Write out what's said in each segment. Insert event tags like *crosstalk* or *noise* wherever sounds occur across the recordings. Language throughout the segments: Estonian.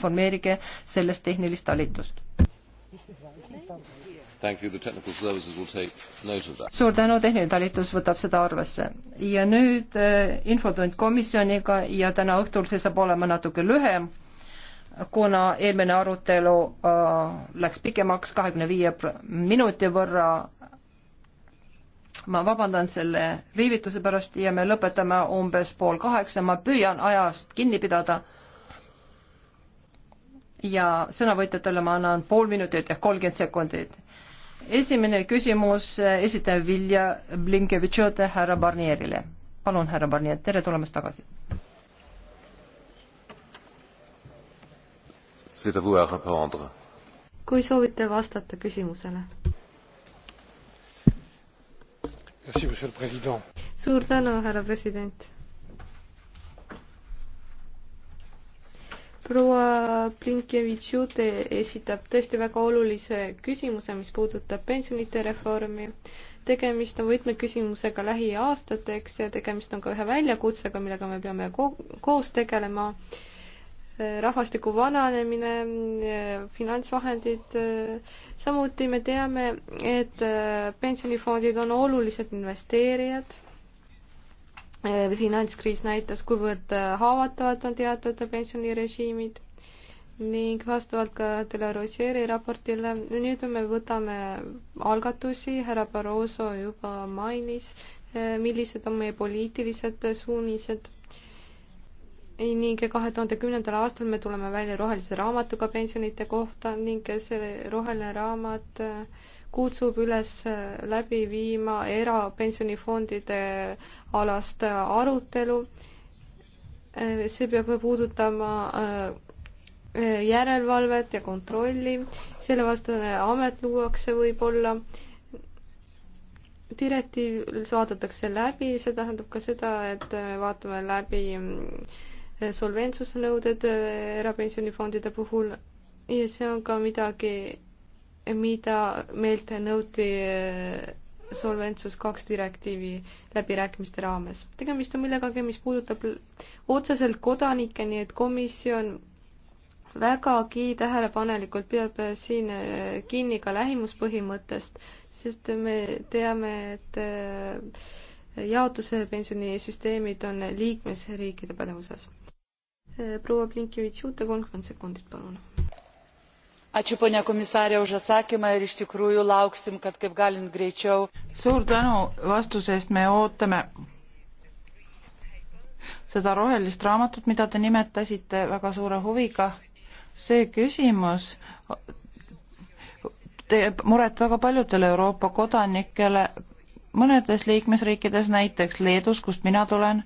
informeerige sellest tehnilist talitust. suur tänu, tehniline talitus võtab seda arvesse. ja nüüd äh, infotund komisjoniga ja täna õhtul see saab olema natuke lühem, kuna eelmine arutelu äh, läks pikemaks kahekümne viie minuti võrra ma vabandan selle viivituse pärast ja me lõpetame umbes pool kaheksa, ma püüan ajast kinni pidada ja sõnavõtjatele ma annan pool minutit ehk kolmkümmend sekundit. esimene küsimus eh, esitaja Vilja Blinkevitšote härra Barnierile. palun, härra Barnier, tere tulemast tagasi. kui soovite vastata küsimusele. suur tänu, härra president proua Blinkevitšute esitab tõesti väga olulise küsimuse, mis puudutab pensionite reformi. tegemist on võtmeküsimusega lähiaastateks ja tegemist on ka ühe väljakutsega, millega me peame ko koos tegelema. rahvastiku vananemine, finantsvahendid, samuti me teame, et pensionifondid on olulised investeerijad Äh, finantskriis näitas, kuivõrd äh, haavatavad on teatud pensionirežiimid ning vastavalt ka Tele Rosieri raportile, nüüd me võtame algatusi, härra Barroso juba mainis, äh, millised on meie poliitilised suunised ning kahe tuhande kümnendal aastal me tuleme välja rohelise raamatuga pensionite kohta ning see roheline raamat äh, kutsub üles äh, läbi viima erapensionifondide alast äh, arutelu. Äh, see peab puudutama järelevalvet ja kontrolli, sellevastane amet luuakse võib-olla direktiiv vaadatakse läbi, see tähendab ka seda, et me vaatame läbi mm, solventsuse nõuded erapensionifondide puhul ja see on ka midagi, mida meilt nõuti eh, Solventsus kaks direktiivi läbirääkimiste raames. tegemist on millegagi, mis puudutab otseselt kodanikke, nii et komisjon vägagi tähelepanelikult peab eh, siin eh, kinni ka lähimuspõhimõttest, sest me teame, et jaotuse pensionisüsteemid on liikmesriikide pädevuses. proua Blinkivitš-Juute, kolmkümmend sekundit, palun ačiū pone komisare už atsakymą ir iš tikrųjų lauksim kad kaip galint greičiau. suur tänu vastuse eest me ootame seda rohelist raamatut mida te nimetasite väga suure huviga see küsimus teeb muret väga paljudele euroopa kodanikele mõnedes liikmesriikides näiteks leedus kust mina tulen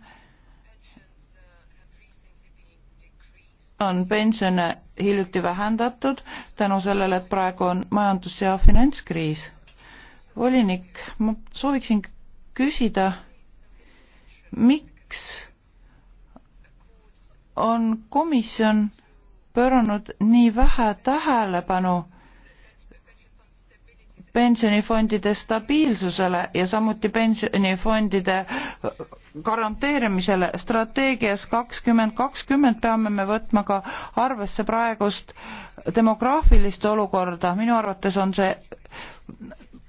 on pensione hiljuti vähendatud tänu sellele, et praegu on majandus- ja finantskriis. volinik, ma sooviksin küsida, miks on komisjon pööranud nii vähe tähelepanu pensionifondide stabiilsusele ja samuti pensionifondide garanteerimisele. strateegias kakskümmend kakskümmend peame me võtma ka arvesse praegust demograafilist olukorda, minu arvates on see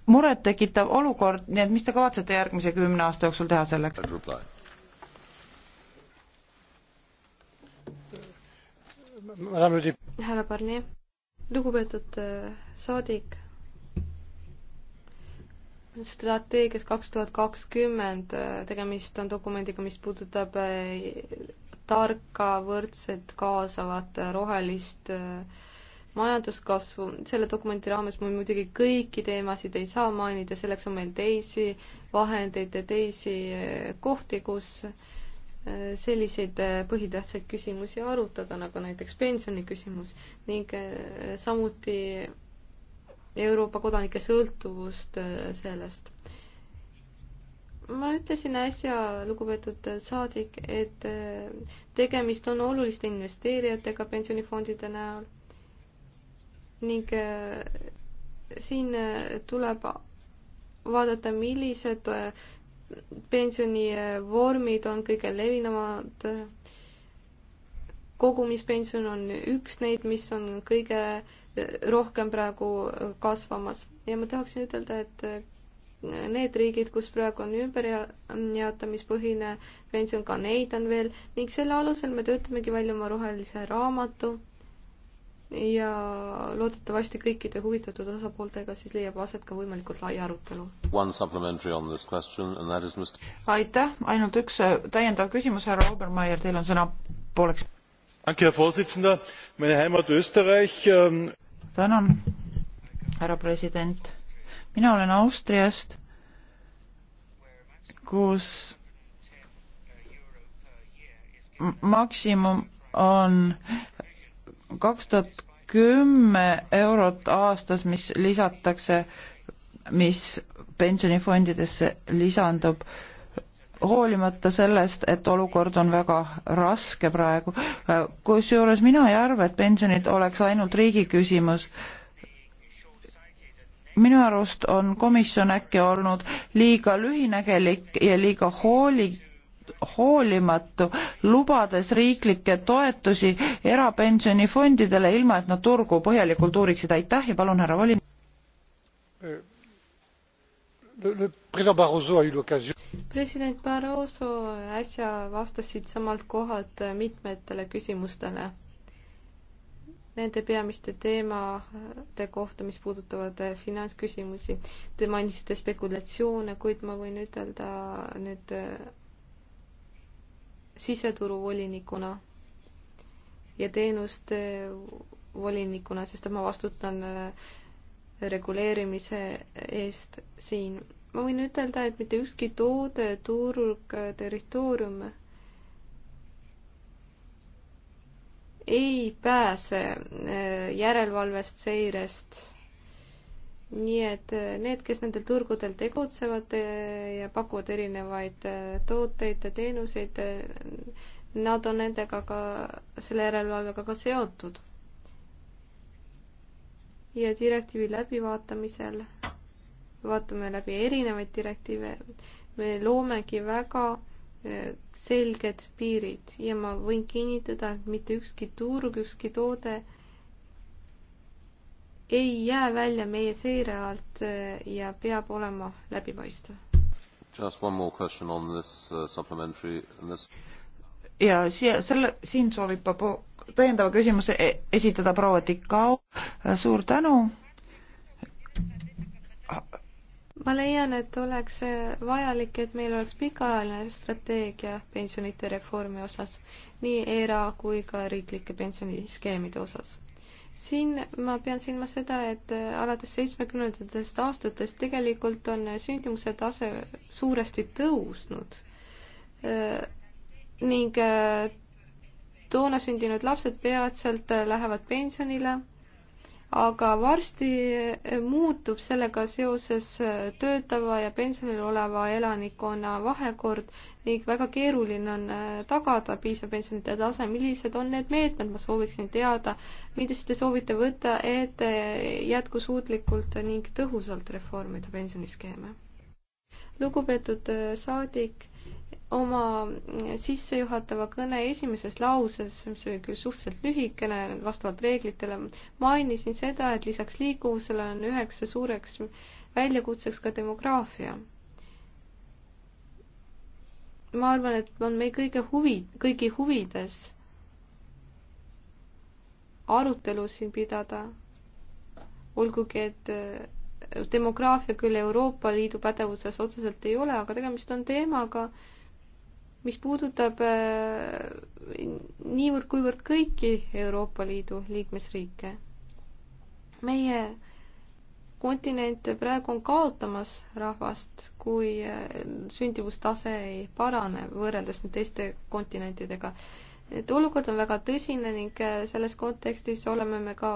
murettekitav olukord, nii et mis te kavatsete järgmise kümne aasta jooksul teha selleks? härra Barnier, lugupeetud äh, saadik strateegias kaks tuhat kakskümmend, äh, tegemist on dokumendiga, mis puudutab äh, tarka, võrdset, kaasavat, äh, rohelist majanduskasvu. selle dokumendi raames me muidugi kõiki teemasid ei saa mainida, selleks on meil teisi vahendeid ja teisi kohti, kus selliseid põhitähtsaid küsimusi arutada, nagu näiteks pensioniküsimus ning samuti Euroopa kodanike sõltuvust äh, sellest. ma ütlesin äsja, lugupeetud saadik, et äh, tegemist on oluliste investeerijatega pensionifondide näol ning äh, siin tuleb vaadata, millised pensionivormid on kõige levinumad. kogumispension on üks neid, mis on kõige äh, rohkem praegu kasvamas ja ma tahaksin ütelda, et need riigid, kus praegu on ümberjaotamispõhine pension, ka neid on veel ning selle alusel me töötamegi välja oma rohelise raamatu ja loodetavasti kõikide huvitatud osapooltega siis leiab aset ka võimalikult lai arutelu. aitäh, ainult üks äh, täiendav küsimus, härra Obermeier, teil on sõna pooleks. Herr Vorsitzender, meine Heimat Österreich ähm tänan, härra president. mina olen Austriast, kus maksimum on kaks tuhat kümme eurot aastas, mis lisatakse, mis pensionifondidesse lisandub hoolimata sellest, et olukord on väga raske praegu. kusjuures mina ei arva, et pensionid oleks ainult riigi küsimus. minu arust on komisjon äkki olnud liiga lühinägelik ja liiga hoolik hoolimatu, lubades riiklikke toetusi erapensionifondidele, ilma et nad turgu põhjalikult uuriksid. aitäh ja palun, härra Volin president Barroso äsja vastas siitsamalt kohalt mitmetele küsimustele nende peamiste teemade kohta, mis puudutavad finantsküsimusi. Te mainisite spekulatsioone, kuid ma võin ütelda nüüd äh, siseturu volinikuna ja teenuste volinikuna, sest ma vastutan äh, reguleerimise eest siin ma võin ütelda, et mitte ükski toode, turg, territoorium ei pääse äh, järelevalvest, seirest. nii et äh, need, kes nendel turgudel tegutsevad äh, ja pakuvad erinevaid tooteid ja teenuseid, nad on nendega ka, selle järelevalvega ka seotud. ja direktiivi läbivaatamisel vaatame läbi erinevaid direktiive, me loomegi väga eh, selged piirid ja ma võin kinnitada, et mitte ükski turg, ükski toode ei jää välja meie seire alt eh, ja peab olema läbipaistev. Just one more question on this uh, supplementary and this ja siia, selle, siin soovib Pabo täiendava küsimuse e-, esitada proua Tikao, suur tänu ma leian, et oleks vajalik, et meil oleks pikaajaline strateegia pensionite reformi osas, nii era- kui ka riiklike pensioniskeemide osas. siin ma pean silmas seda, et alates seitsmekümnendatest aastatest tegelikult on sündimuse tase suuresti tõusnud ning toona sündinud lapsed peatselt lähevad pensionile aga varsti muutub sellega seoses töötava ja pensionil oleva elanikkonna vahekord ning väga keeruline on äh, tagada piisav pensionite tase. millised on need meetmed, ma sooviksin teada, mida te soovite võtta, et äh, jätkusuutlikult ning tõhusalt reformida pensioniskeeme? lugupeetud äh, saadik oma sissejuhatava kõne esimeses lauses, mis oli küll suhteliselt lühikene vastavalt reeglitele, mainisin seda, et lisaks liikuvusele on üheks suureks väljakutseks ka demograafia. ma arvan, et on meie kõige huvi, kõigi huvides arutelu siin pidada, olgugi et äh, demograafia küll Euroopa Liidu pädevuses otseselt ei ole, aga tegemist on teemaga, mis puudutab äh, niivõrd-kuivõrd kõiki Euroopa Liidu liikmesriike. meie kontinent praegu on kaotamas rahvast, kui äh, sündivustase ei parane võrreldes nüüd teiste kontinentidega. et olukord on väga tõsine ning äh, selles kontekstis oleme me ka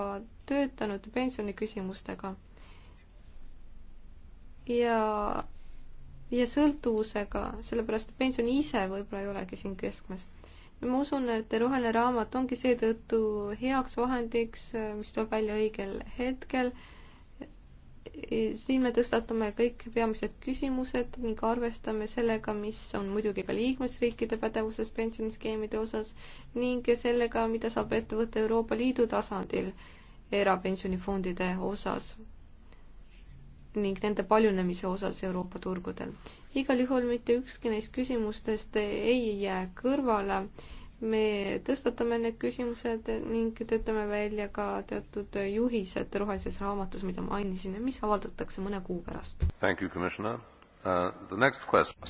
töötanud pensioniküsimustega. ja ja sõltuvusega, sellepärast et pension ise võib-olla ei olegi siin keskmes. ma usun, et roheline raamat ongi seetõttu heaks vahendiks, mis tuleb välja õigel hetkel. E, siin me tõstatame kõik peamised küsimused ning arvestame sellega, mis on muidugi ka liikmesriikide pädevuses pensioniskeemide osas ning sellega, mida saab ette võtta Euroopa Liidu tasandil erapensionifondide osas ning nende paljunemise osas Euroopa turgudel. igal juhul mitte ükski neist küsimustest ei jää kõrvale. me tõstatame need küsimused ning töötame välja ka teatud juhised rohelises raamatus, mida mainisin ja mis avaldatakse mõne kuu pärast. Uh,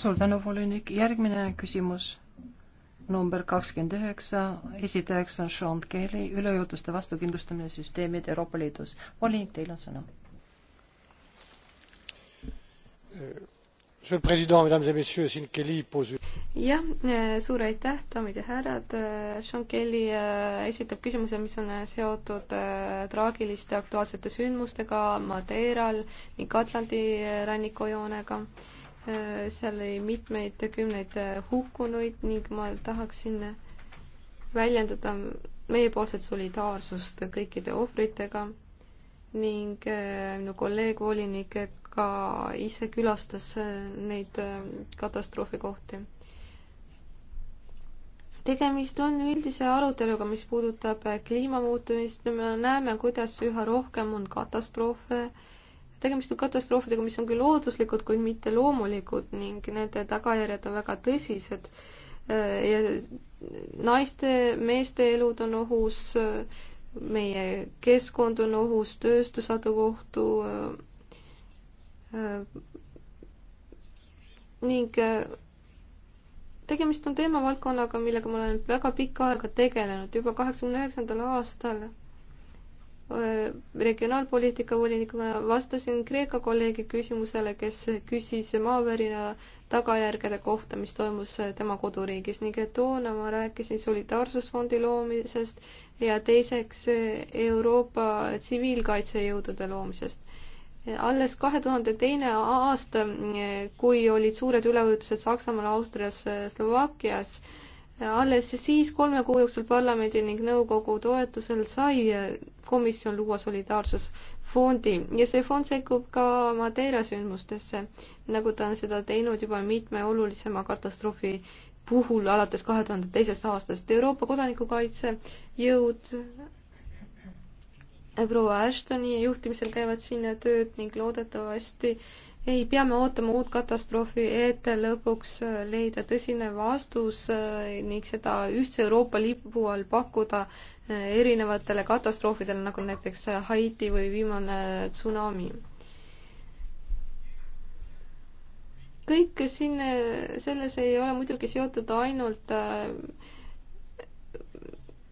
suur tänu, volinik. järgmine küsimus number kakskümmend üheksa, esitajaks on Sean Kelly, üleujutuste vastukindlustamine süsteemid Euroopa Liidus. volinik, teil on sõna monsieur le président mesdames et messieurs sean kelly pose. jah eh, suur aitäh daamid ja härrad eh, sean kelly eh, esitab küsimuse mis on seotud traagiliste aktuaalsete sündmustega madeiral ning atlandi rannikujoonega seal oli mitmeid kümneid hukkunuid ning ma tahaksin väljendada meiepoolset solidaarsust kõikide ohvritega ning minu kolleeg volinik ka ise külastas neid äh, katastroofikohti. tegemist on üldise aruteluga, mis puudutab äh, kliimamuutumist, me näeme, kuidas üha rohkem on katastroofe, tegemist on katastroofidega, mis on küll looduslikud, kuid mitte loomulikud ning nende tagajärjed on väga tõsised äh, ja naiste, meeste elud on ohus, meie keskkond on ohus, tööstusadu ohtu, Äh, ning äh, tegemist on teemavaldkonnaga, millega ma olen väga pikka aega tegelenud, juba kaheksakümne üheksandal aastal äh, regionaalpoliitika volinikuna vastasin Kreeka kolleegi küsimusele, kes küsis maavärina tagajärgede kohta, mis toimus tema koduriigis ning toona ma rääkisin solidaarsusfondi loomisest ja teiseks Euroopa tsiviilkaitsejõudude loomisest alles kahe tuhande teine aasta, kui olid suured üleujutused Saksamaal, Austrias, Slovakkias, alles siis kolme kuu jooksul parlamendi ning nõukogu toetusel sai komisjon luua solidaarsusfondi ja see fond sekkub ka Madeira sündmustesse, nagu ta on seda teinud juba mitme olulisema katastroofi puhul alates kahe tuhande teisest aastast. Euroopa kodanikukaitsejõud proua Ashtoni juhtimisel käivad siin tööd ning loodetavasti ei pea me ootama uut katastroofi, et lõpuks leida tõsine vastus eh, ning seda ühtse Euroopa lipu all pakkuda eh, erinevatele katastroofidele, nagu näiteks Haiti või viimane tsunami. kõik siin, eh, selles ei ole muidugi seotud ainult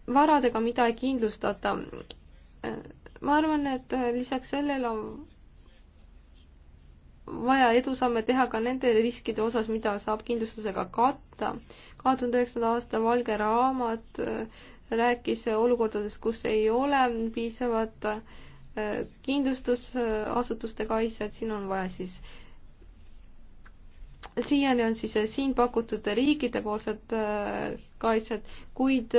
varadega, mida ei kindlustata ma arvan, et äh, lisaks sellele on vaja edusamme teha ka nende riskide osas, mida saab kindlustusega katta. kahe tuhande üheksanda aasta valge raamat äh, rääkis äh, olukordadest, kus ei ole piisavat kindlustusasutuste kaitset, siin on vaja siis siiani on siis siin pakutud riigidepoolset kaitset, kuid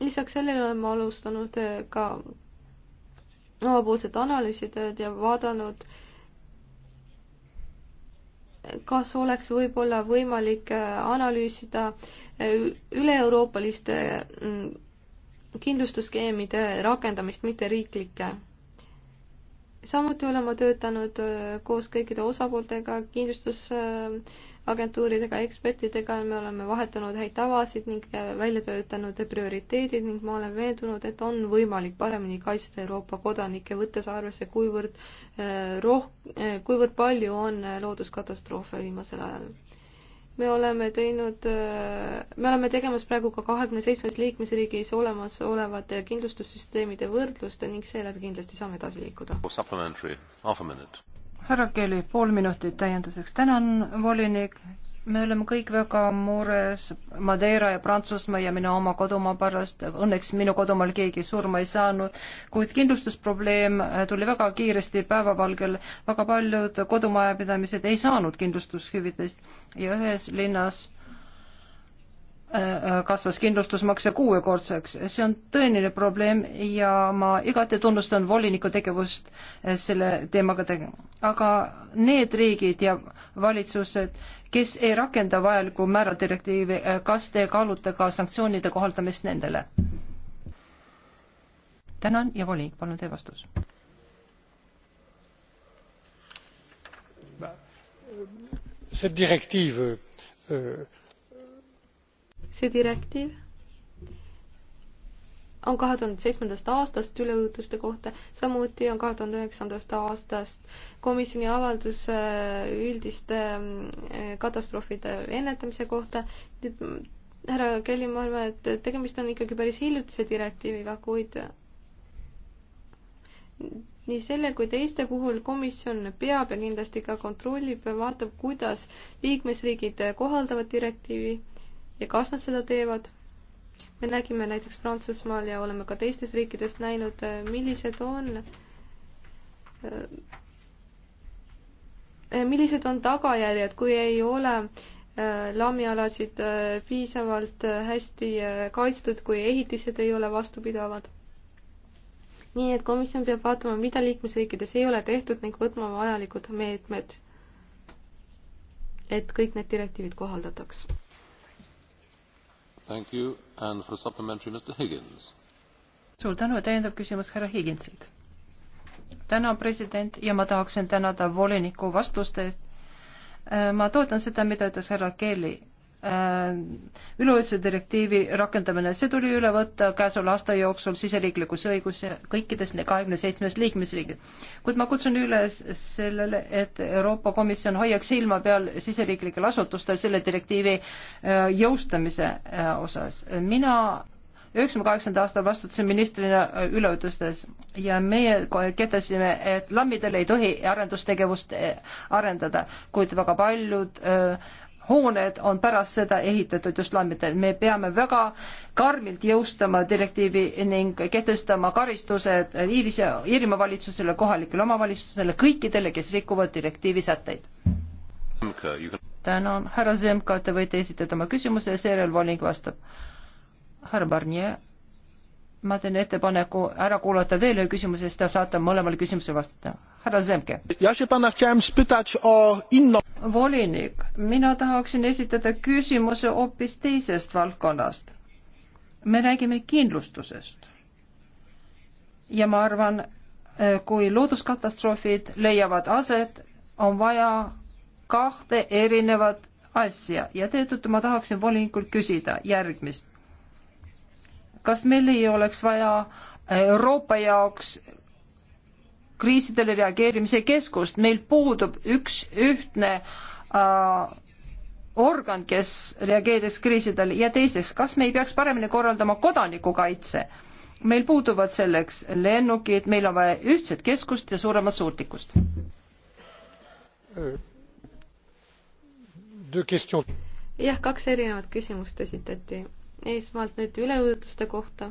lisaks sellele oleme alustanud ka omapoolset analüüsitööd ja vaadanud, kas oleks võib-olla võimalik äh, analüüsida äh, üle-euroopaliste mm, kindlustusskeemide rakendamist, mitte riiklikke samuti olen ma töötanud äh, koos kõikide osapooltega, kindlustusagentuuridega, ekspertidega ja me oleme vahetanud häid tavasid ning äh, välja töötanud prioriteedid ning ma olen veendunud, et on võimalik paremini kaitsta Euroopa kodanikke, võttes arvesse, kuivõrd äh, roh-, kuivõrd palju on looduskatastroofe viimasel ajal me oleme teinud, äh, me oleme tegemas praegu ka kahekümne seitsmes liikmesriigis olemasolevate kindlustussüsteemide võrdlust ning seeläbi kindlasti saame edasi liikuda. härra Kelly, pool minutit täienduseks. tänan, volinik, me oleme kõik väga mures Madeira ja Prantsusmaa ja minu oma kodumaa pärast. Õnneks minu kodumaal keegi surma ei saanud, kuid kindlustusprobleem äh, tuli väga kiiresti päevavalgel. väga paljud kodumajapidamised ei saanud kindlustushüvitist ja ühes linnas äh, Äh, äh, kasvas kindlustusmakse kuuekordseks. see on tõeline probleem ja ma igati tunnustan voliniku tegevust äh, selle teemaga tege-. aga need riigid ja valitsused, kes ei rakenda vajalikku määra direktiivi, kas te kaalute ka sanktsioonide kohaldamist nendele? tänan ja volinik, palun teie vastus. see direktiiv öö see direktiiv on kahe tuhande seitsmendast aastast üleujutuste kohta, samuti on kahe tuhande üheksandast aastast komisjoni avaldus äh, üldiste äh, katastroofide ennetamise kohta. härra Kelly, ma arvan, et tegemist on ikkagi päris hiljutise direktiiviga, kuid nii selle kui teiste puhul komisjon peab ja kindlasti ka kontrollib ja vaatab, kuidas liikmesriigid kohaldavad direktiivi ja kas nad seda teevad. me nägime näiteks Prantsusmaal ja oleme ka teistes riikides näinud, äh, millised on äh, millised on tagajärjed, kui ei ole äh, lammialasid piisavalt hästi kaitstud, kui ehitised ei ole vastupidavad. nii et komisjon peab vaatama, mida liikmesriikides ei ole tehtud ning võtma vajalikud meetmed, et kõik need direktiivid kohaldataks suur tänu ja täiendav küsimus härra Higinsilt. tänan, president, ja ma tahaksin tänada voliniku vastuste eest. Äh, ma toetan seda, mida ütles härra Kelly Äh, üleüldse direktiivi rakendamine, see tuli üle võtta käesoleva aasta jooksul siseriiklikusse õigusse kõikides kahekümne seitsmes liikmesriigid. kuid ma kutsun üles sellele, et Euroopa Komisjon hoiaks silma peal siseriiklikel asutustel selle direktiivi äh, jõustamise äh, osas. mina üheksakümne kaheksanda aastal vastutasin ministrina üleujutustes ja meie kehtestasime, et lammidel ei tohi arendustegevust arendada, kuid väga paljud öö, hooned on pärast seda ehitatud just lammitel. me peame väga karmilt jõustama direktiivi ning kehtestama karistused Iirise, Iirimaa valitsusele, kohalikele omavalitsusele, kõikidele, kes rikuvad direktiivi sätteid. tänan, härra Zemka, te võite esitada oma küsimuse ja seejärel volinik vastab. härra Barnier ma teen ettepaneku ära kuulata veel ühe küsimuse, siis te saate mõlemale küsimusele vastata. härra Zemke. volinik, mina tahaksin esitada küsimuse hoopis teisest valdkonnast. me räägime kindlustusest. ja ma arvan, eh, kui looduskatastroofid leiavad aset, on vaja kahte erinevat asja ja seetõttu ma tahaksin volinikult küsida järgmist kas meil ei oleks vaja Euroopa jaoks kriisidele reageerimise keskust, meil puudub üks ühtne äh, organ, kes reageeriks kriisidele ja teiseks, kas me ei peaks paremini korraldama kodanikukaitse? meil puuduvad selleks lennukid, meil on vaja ühtset keskust ja suuremat suutlikkust. jah, kaks erinevat küsimust esitati esmalt nüüd üleujutuste kohta.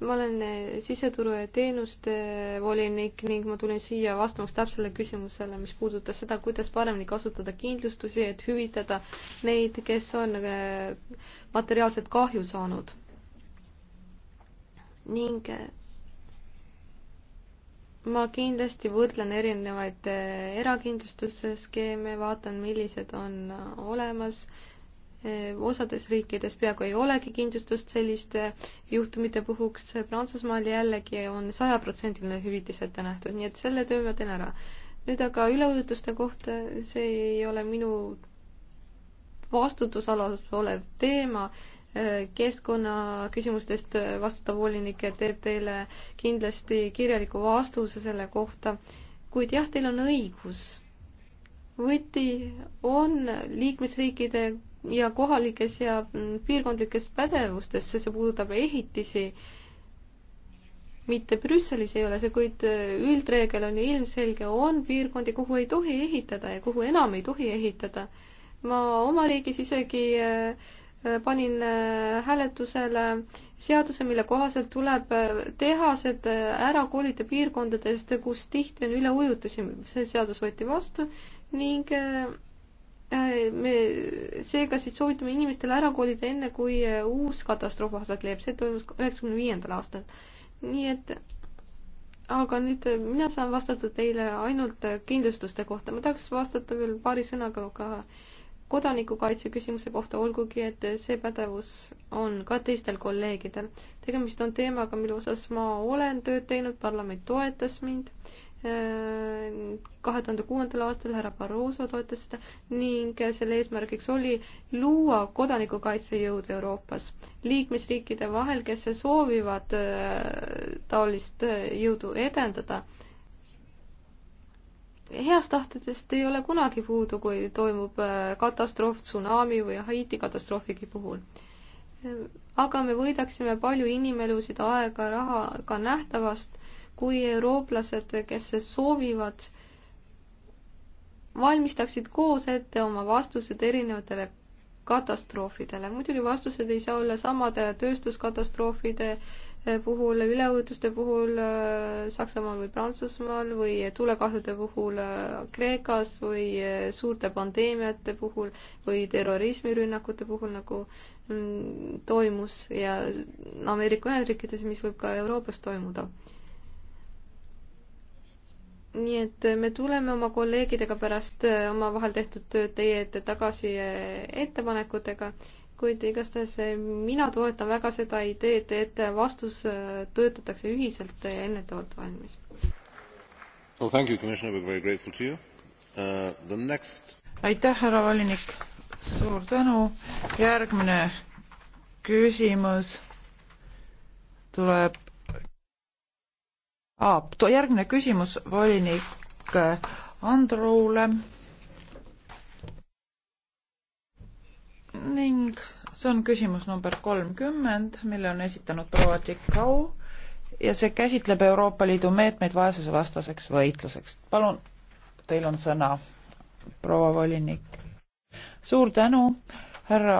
ma olen eh, siseturu ja teenuste eh, volinik ning ma tulin siia vastamaks täpsele küsimusele, mis puudutas seda, kuidas paremini kasutada kindlustusi, et hüvitada neid, kes on eh, materiaalset kahju saanud. ning ma kindlasti võrdlen erinevaid erakindlustusskeeme, vaatan, millised on olemas Ehm, osades riikides peaaegu ei olegi kindlustust selliste juhtumite puhuks, Prantsusmaal jällegi on sajaprotsendiline hüvitis ette nähtud, nii et selle töö ma teen ära. nüüd aga üleujutuste kohta, see ei ole minu vastutusalas olev teema, ehm, keskkonnaküsimustest vastutav volinik teeb teile kindlasti kirjaliku vastuse selle kohta, kuid jah, teil on õigus. võti on liikmesriikide ja kohalikes ja mm, piirkondlikes pädevustes, see puudutab ehitisi, mitte Brüsselis ei ole see, kuid äh, üldreegel on ju ilmselge, on piirkondi, kuhu ei tohi ehitada ja kuhu enam ei tohi ehitada. ma oma riigis isegi äh, äh, panin hääletusele seaduse, mille kohaselt tuleb tehased ära kolida piirkondadest, kus tihti on üleujutusi, see seadus võeti vastu ning Äh, me seega siis soovitame inimestele ära kolida enne, kui äh, uus katastroof aset leiab, see toimus üheksakümne viiendal aastal. nii et aga nüüd äh, mina saan vastata teile ainult kindlustuste kohta, ma tahaks vastata veel paari sõnaga ka kodanikukaitse küsimuse kohta, olgugi et see pädevus on ka teistel kolleegidel. tegemist on teemaga, mille osas ma olen tööd teinud, parlament toetas mind kahe tuhande kuuendal aastal härra Barroso toetas seda ning selle eesmärgiks oli luua kodanikukaitsejõud Euroopas liikmesriikide vahel, kes soovivad äh, taolist äh, jõudu edendada. heast tahtedest ei ole kunagi puudu, kui toimub äh, katastroof tsunami või Haiti katastroofigi puhul aga me võidaksime palju inimelusid, aega, raha, ka nähtavast kui eurooplased, kes soovivad, valmistaksid koos ette oma vastused erinevatele katastroofidele. muidugi vastused ei saa olla samad tööstuskatastroofide eh, puhul, üleujutuste puhul eh, Saksamaal või Prantsusmaal või tulekahjude puhul eh, Kreekas või suurte pandeemiate puhul või terrorismirünnakute puhul, nagu mm, toimus ja Ameerika Ühendriikides, mis võib ka Euroopas toimuda nii et me tuleme oma kolleegidega pärast äh, omavahel tehtud tööd teie ette tagasi äh, ettepanekutega, kuid igastahes äh, mina toetan väga seda ideed, et vastus töötatakse ühiselt ja ennetavalt valmis. Well, thank you, Commissioner, we are very grateful to you uh,. The next. aitäh, härra volinik, suur tänu. järgmine küsimus tuleb järgmine küsimus volinik äh, Andrule ning see on küsimus number kolmkümmend, mille on esitanud proua Tšikau ja see käsitleb Euroopa Liidu meetmeid vaesusevastaseks võitluseks. palun, teil on sõna, proua volinik. suur tänu, härra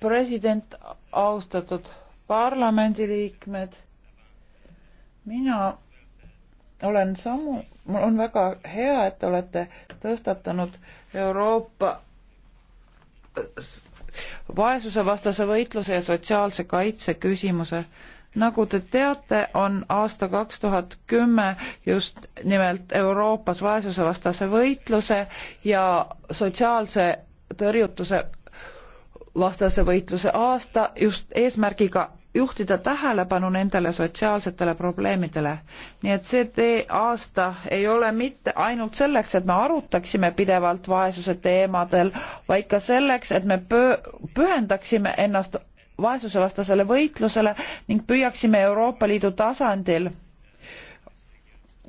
president, austatud parlamendiliikmed mina olen samu, mul on väga hea, et te olete tõstatanud Euroopa vaesusevastase võitluse ja sotsiaalse kaitse küsimuse. nagu te teate, on aasta kaks tuhat kümme just nimelt Euroopas vaesusevastase võitluse ja sotsiaalse tõrjutuse vastase võitluse aasta just eesmärgiga juhtida tähelepanu nendele sotsiaalsetele probleemidele. nii et see tee aasta ei ole mitte ainult selleks, et me arutaksime pidevalt vaesuse teemadel, vaid ka selleks, et me pöö-, pühendaksime ennast vaesusevastasele võitlusele ning püüaksime Euroopa Liidu tasandil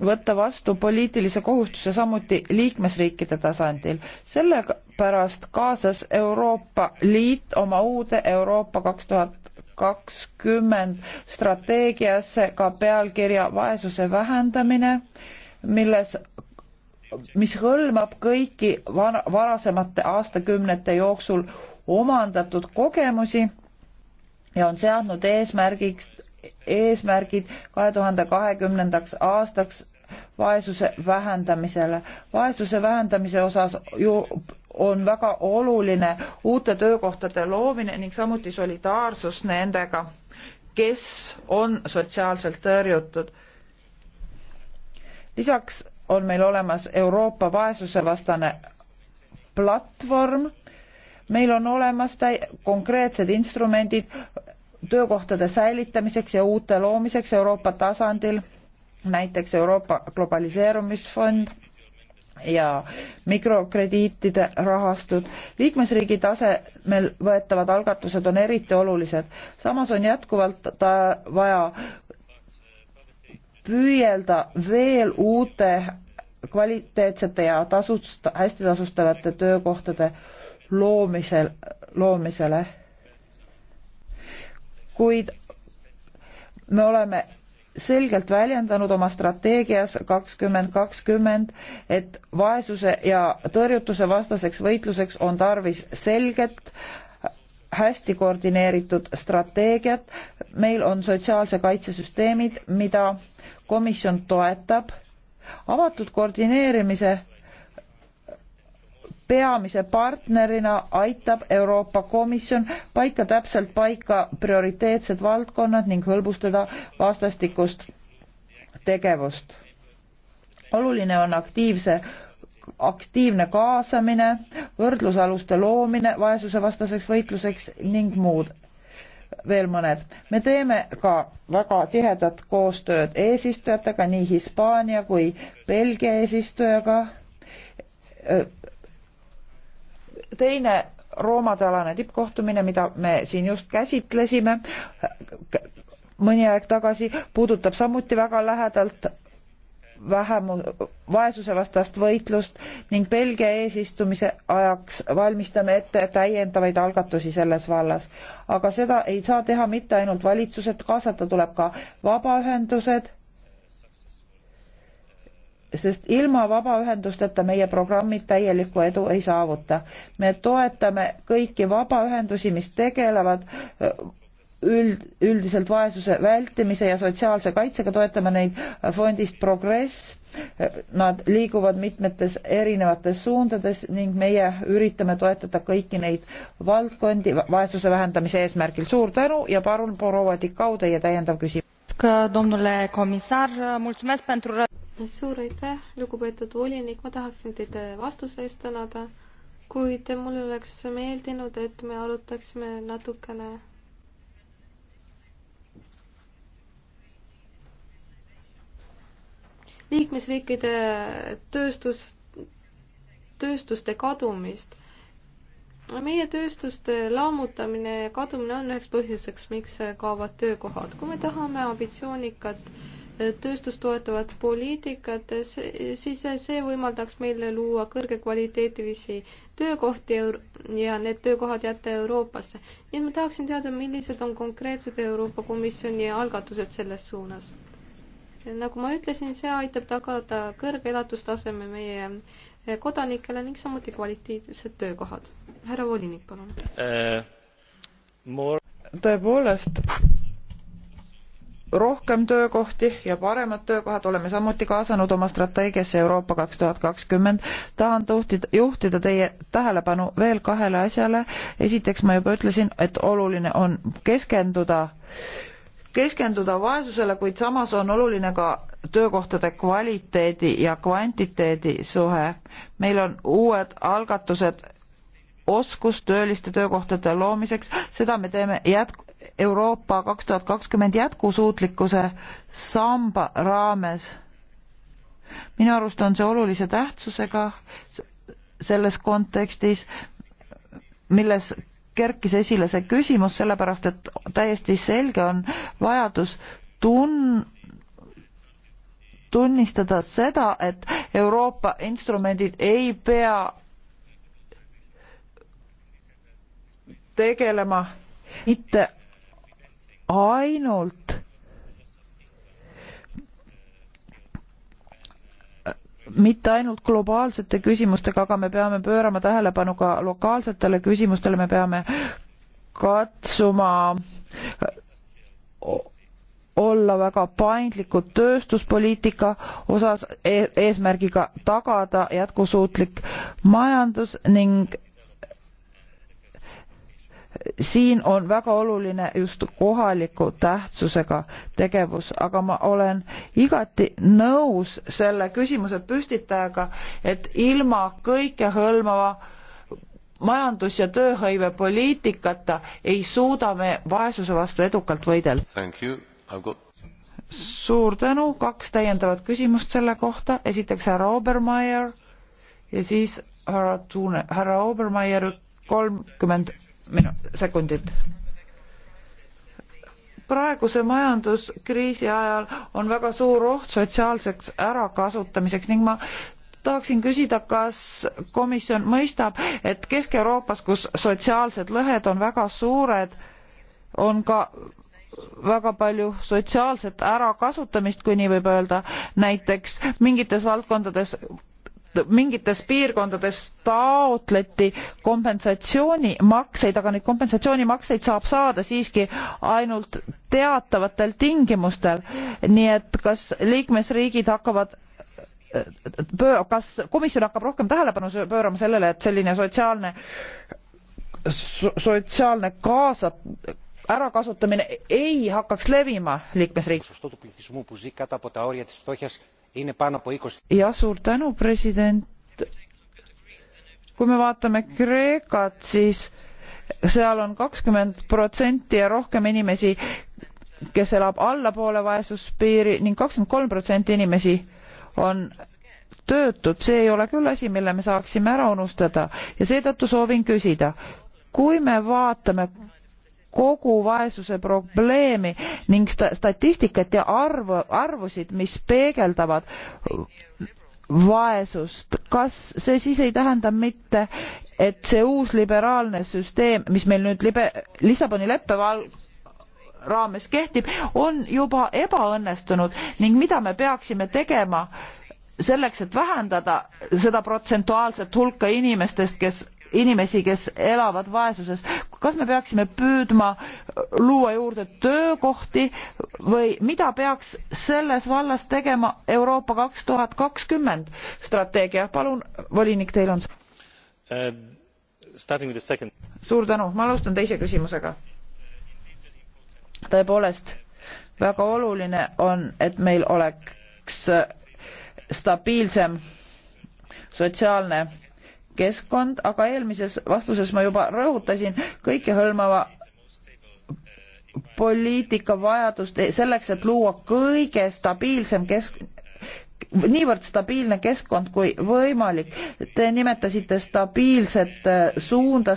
võtta vastu poliitilise kohustuse samuti liikmesriikide tasandil. sellepärast kaasas Euroopa Liit oma uude Euroopa kaks tuhat kakskümmend strateegiasse ka pealkirja vaesuse vähendamine, milles, mis hõlmab kõiki van, varasemate aastakümnete jooksul omandatud kogemusi ja on seadnud eesmärgiks, eesmärgid kahe tuhande kahekümnendaks aastaks vaesuse vähendamisele. vaesuse vähendamise osas ju on väga oluline uute töökohtade loomine ning samuti solidaarsus nendega, kes on sotsiaalselt tõrjutud. lisaks on meil olemas Euroopa vaesusevastane platvorm, meil on olemas täi-, konkreetsed instrumendid töökohtade säilitamiseks ja uute loomiseks Euroopa tasandil näiteks Euroopa globaliseerumisfond ja mikrokrediitide rahastud. liikmesriigi tasemel võetavad algatused on eriti olulised. samas on jätkuvalt vaja püüelda veel uute kvaliteetsete ja tasust, hästi tasustavate töökohtade loomisel, loomisele. kuid me oleme selgelt väljendanud oma strateegias kakskümmend kakskümmend, et vaesuse ja tõrjutuse vastaseks võitluseks on tarvis selget hästi koordineeritud strateegiat. meil on sotsiaalse kaitsesüsteemid, mida komisjon toetab. avatud koordineerimise peamise partnerina aitab Euroopa Komisjon paika täpselt paika prioriteetsed valdkonnad ning hõlbustada vastastikust tegevust. oluline on aktiivse aktiivne kaasamine, võrdlusaluste loomine vaesusevastaseks võitluseks ning muud veel mõned. me teeme ka väga tihedat koostööd eesistujatega, nii Hispaania kui Belgia eesistujaga teine roomade alane tippkohtumine, mida me siin just käsitlesime mõni aeg tagasi, puudutab samuti väga lähedalt vähemu-, vaesusevastast võitlust ning Belgia eesistumise ajaks valmistame ette täiendavaid algatusi selles vallas. aga seda ei saa teha mitte ainult valitsused, kaasata tuleb ka vabaühendused sest ilma vabaühendusteta meie programmid täielikku edu ei saavuta. me toetame kõiki vabaühendusi, mis tegelevad äh, üld, üldiselt vaesuse vältimise ja sotsiaalse kaitsega, toetame neid äh, fondist Progress. Nad liiguvad mitmetes erinevates suundades ning meie üritame toetada kõiki neid valdkondi vaesuse vähendamise eesmärgil. suur tänu ja palun, proua Tikau, teie täiendav küsimus mulțumesc pentru suur aitäh, lugupeetud volinik, ma tahaksin teid vastuse eest tänada, kuid mul oleks meeldinud, et me arutaksime natukene liikmesriikide tööstus, tööstuste kadumist meie tööstuste lammutamine ja kadumine on üheks põhjuseks, miks kaovad töökohad. kui me tahame ambitsioonikat eh, tööstust toetavat poliitikat, siis see võimaldaks meile luua kõrgekvaliteetilisi töökohti ja need töökohad jätta Euroopasse. nii et ma tahaksin teada, millised on konkreetsed Euroopa Komisjoni algatused selles suunas. nagu ma ütlesin, see aitab tagada kõrge elatustaseme meie kodanikele ning samuti kvaliteetsed töökohad. härra volinik, palun uh,. More... tõepoolest, rohkem töökohti ja paremad töökohad oleme samuti kaasanud oma strateegiasse Euroopa kaks tuhat kakskümmend. tahan tuhtida, juhtida teie tähelepanu veel kahele asjale. esiteks ma juba ütlesin, et oluline on keskenduda äh, keskenduda vaesusele, kuid samas on oluline ka töökohtade kvaliteedi ja kvantiteedi suhe. meil on uued algatused oskustööliste töökohtade loomiseks, seda me teeme jätku, Euroopa kaks tuhat kakskümmend jätkusuutlikkuse samba raames. minu arust on see olulise tähtsusega selles kontekstis, milles kerkis esile see küsimus, sellepärast et täiesti selge on vajadus tun-, tunnistada seda, et Euroopa instrumendid ei pea tegelema mitte ainult mitte ainult globaalsete küsimustega, aga me peame pöörama tähelepanu ka lokaalsetele küsimustele, me peame katsuma olla väga paindlikud tööstuspoliitika osas e-, eesmärgiga tagada jätkusuutlik majandus ning siin on väga oluline just kohaliku tähtsusega tegevus, aga ma olen igati nõus selle küsimuse püstitajaga, et ilma kõikehõlmava majandus- ja tööhõivepoliitikata ei suuda me vaesuse vastu edukalt võidelda. Got... suur tänu, kaks täiendavat küsimust selle kohta, esiteks härra Obermeier ja siis härra Tuune, härra Obermeier kolmkümmend 30 minu, sekundit. praeguse majanduskriisi ajal on väga suur oht sotsiaalseks ärakasutamiseks ning ma tahaksin küsida, kas komisjon mõistab, et Kesk-Euroopas, kus sotsiaalsed lõhed on väga suured, on ka väga palju sotsiaalset ärakasutamist, kui nii võib öelda, näiteks mingites valdkondades mingites piirkondades taotleti kompensatsioonimakseid, aga neid kompensatsioonimakseid saab saada siiski ainult teatavatel tingimustel. nii et kas liikmesriigid hakkavad kas komisjon hakkab rohkem tähelepanu pöörama sellele, et selline sotsiaalne so, sotsiaalne kaasa, ärakasutamine ei hakkaks levima liikmesriikides? jah, suur tänu, president. kui me vaatame Kreekat, siis seal on kakskümmend protsenti ja rohkem inimesi, kes elab allapoole vaesuspiiri ning kakskümmend kolm protsenti inimesi on töötud, see ei ole küll asi, mille me saaksime ära unustada ja seetõttu soovin küsida, kui me vaatame kogu vaesuse probleemi ning sta statistikat ja arvu, arvusid, mis peegeldavad vaesust. kas see siis ei tähenda mitte, et see uus liberaalne süsteem, mis meil nüüd libe, Lissaboni leppe val-, raames kehtib, on juba ebaõnnestunud ning mida me peaksime tegema selleks, et vähendada seda protsentuaalset hulka inimestest, kes inimesi, kes elavad vaesuses. kas me peaksime püüdma luua juurde töökohti või mida peaks selles vallas tegema Euroopa kaks tuhat kakskümmend strateegia? palun, volinik, teil on uh,. suur tänu, ma alustan teise küsimusega. tõepoolest, väga oluline on, et meil oleks stabiilsem sotsiaalne keskkond, aga eelmises vastuses ma juba rõhutasin kõikehõlmava poliitika vajadust selleks, et luua kõige stabiilsem kesk-, niivõrd stabiilne keskkond kui võimalik. Te nimetasite stabiilset äh, suunda,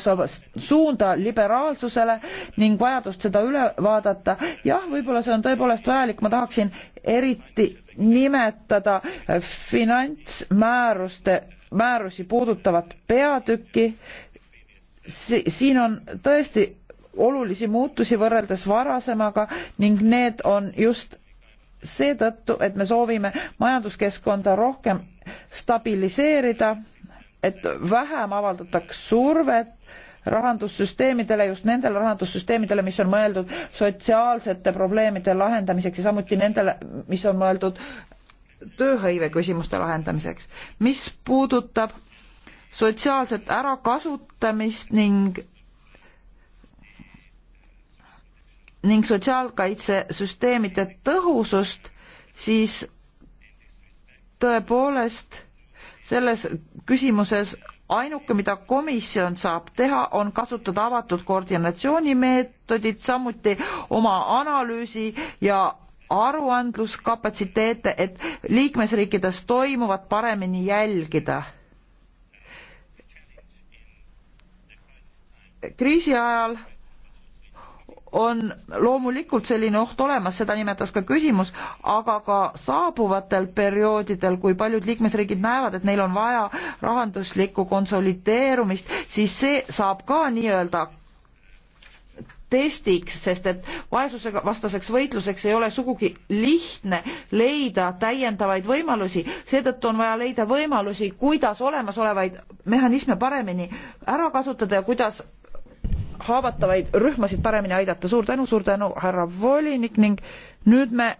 suunda liberaalsusele ning vajadust seda üle vaadata. jah, võib-olla see on tõepoolest vajalik, ma tahaksin eriti nimetada äh, finantsmääruste määrusi puudutavat peatükki. siin on tõesti olulisi muutusi võrreldes varasemaga ning need on just seetõttu, et me soovime majanduskeskkonda rohkem stabiliseerida, et vähem avaldataks survet rahandussüsteemidele, just nendele rahandussüsteemidele, mis on mõeldud sotsiaalsete probleemide lahendamiseks ja samuti nendele, mis on mõeldud tööhõive küsimuste lahendamiseks. mis puudutab sotsiaalset ärakasutamist ning ning sotsiaalkaitsesüsteemide tõhusust, siis tõepoolest selles küsimuses ainuke, mida komisjon saab teha, on kasutada avatud koordinatsioonimeetodit, samuti oma analüüsi ja aruandluskapatsiteete, et liikmesriikides toimuvat paremini jälgida. kriisi ajal on loomulikult selline oht olemas, seda nimetas ka küsimus, aga ka saabuvatel perioodidel, kui paljud liikmesriigid näevad, et neil on vaja rahanduslikku konsolideerumist, siis see saab ka nii-öelda testiks, sest et vaesusega vastaseks võitluseks ei ole sugugi lihtne leida täiendavaid võimalusi, seetõttu on vaja leida võimalusi, kuidas olemasolevaid mehhanisme paremini ära kasutada ja kuidas haavatavaid rühmasid paremini aidata. suur tänu, suur tänu, härra volinik ning nüüd me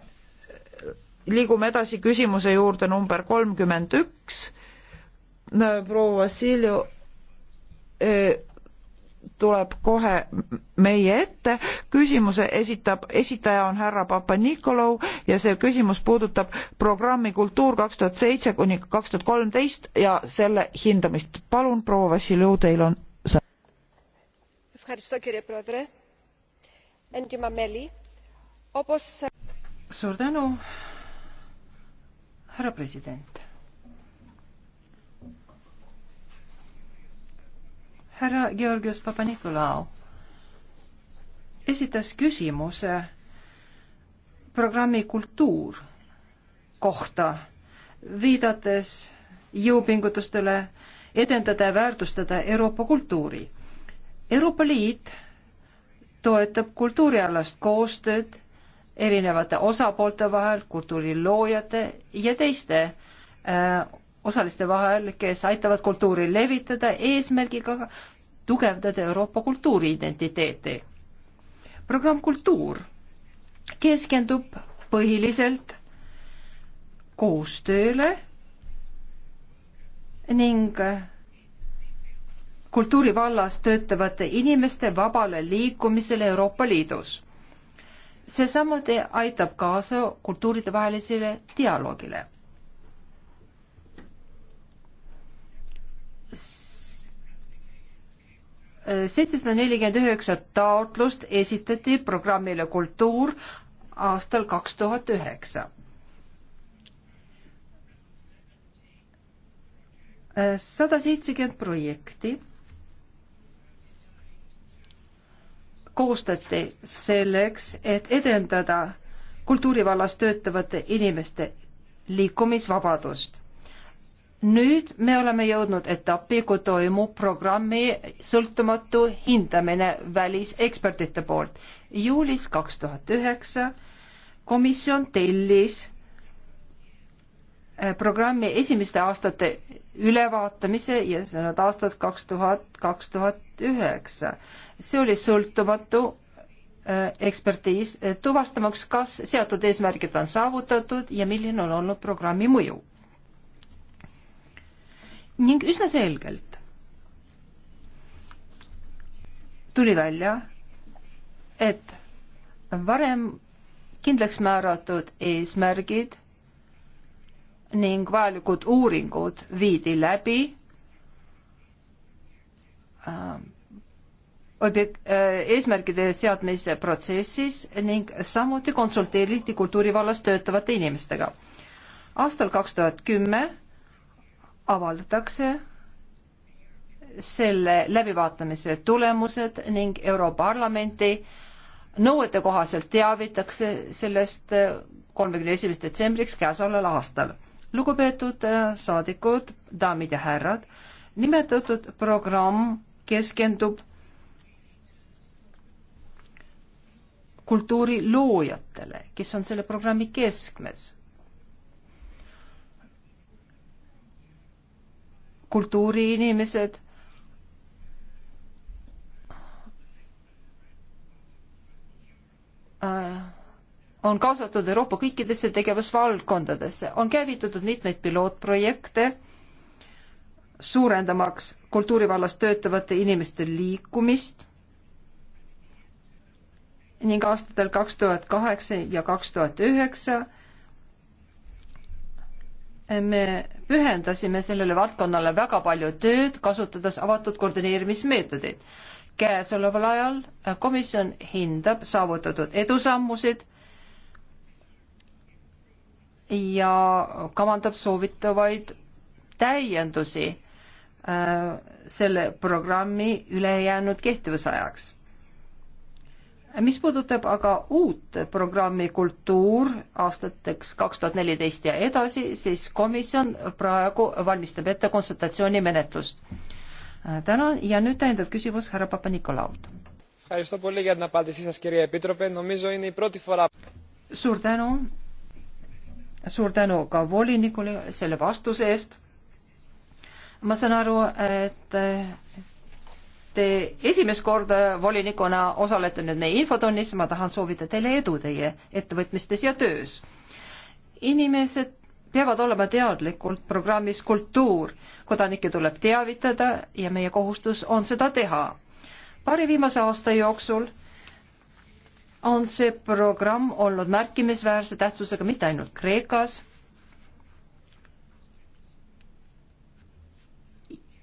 liigume edasi küsimuse juurde number kolmkümmend üks. proua Vassiljev eh, tuleb kohe meie ette. küsimuse esitab, esitaja on härra Papa-Nikolau ja see küsimus puudutab programmi Kultuur kaks tuhat seitse kuni kaks tuhat kolmteist ja selle hindamist. palun, proua Vassiljov, teil on sõna. suur tänu, härra president härra Georgios Papanikolaou esitas küsimuse programmi kultuur kohta, viidates jõupingutustele edendada ja väärtustada Euroopa kultuuri. Euroopa Liit toetab kultuurialast koostööd erinevate osapoolte vahel, kultuuriloojate ja teiste äh, osaliste vahel, kes aitavad kultuuri levitada eesmärgiga tugevdada Euroopa kultuuriidentiteeti. programm Kultuur keskendub põhiliselt koostööle ning kultuurivallas töötavate inimeste vabale liikumisele Euroopa Liidus. see samuti aitab kaasa kultuuridevahelisele dialoogile seitsesada nelikümmend üheksa taotlust esitati programmile Kultuur aastal kaks tuhat üheksa. sada seitsekümmend projekti koostati selleks, et edendada kultuurivallas töötavate inimeste liikumisvabadust nüüd me oleme jõudnud etappi, kui toimub programmi sõltumatu hindamine välisekspertide poolt. juulis kaks tuhat üheksa komisjon tellis eh, programmi esimeste aastate ülevaatamise ja see on aastad kaks tuhat, kaks tuhat üheksa. see oli sõltumatu eh, ekspertiis, eh, tuvastamaks, kas seatud eesmärgid on saavutatud ja milline on olnud programmi mõju ning üsna selgelt tuli välja, et varem kindlaks määratud eesmärgid ning vajalikud uuringud viidi läbi äh, objek-, äh, eesmärgide seadmise protsessis ning samuti konsulteeriti kultuurivallas töötavate inimestega. aastal kaks tuhat kümme avaldatakse selle läbivaatamise tulemused ning Europarlamenti nõuete kohaselt teavitakse sellest kolmekümne esimesest detsembriks käesoleval aastal. lugupeetud äh, saadikud, daamid ja härrad, nimetatud programm keskendub kultuuri loojatele, kes on selle programmi keskmes kultuuriinimesed äh, on kaasatud Euroopa kõikidesse tegevusvaldkondadesse, on käivitatud mitmeid pilootprojekte, suurendamaks kultuurivallas töötavate inimeste liikumist ning aastatel kaks tuhat kaheksa ja kaks tuhat üheksa me pühendasime sellele valdkonnale väga palju tööd, kasutades avatud koordineerimismeetodeid. käesoleval ajal äh, komisjon hindab saavutatud edusammusid ja kavandab soovitavaid täiendusi äh, selle programmi ülejäänud kehtivusajaks mis puudutab aga uut programmi Kultuur aastateks kaks tuhat neliteist ja edasi, siis komisjon praegu valmistab ette konsultatsioonimenetlust. tänan ja nüüd täiendav küsimus härra Papa-Nikolault. suur tänu, suur tänu ka volinikule selle vastuse eest. ma saan aru, et te esimest korda volinikuna osalete nüüd meie infotunnis, ma tahan soovida teile edu teie ettevõtmistes ja töös. inimesed peavad olema teadlikult programmis Kultuur, kodanikke tuleb teavitada ja meie kohustus on seda teha. paari viimase aasta jooksul on see programm olnud märkimisväärse tähtsusega mitte ainult Kreekas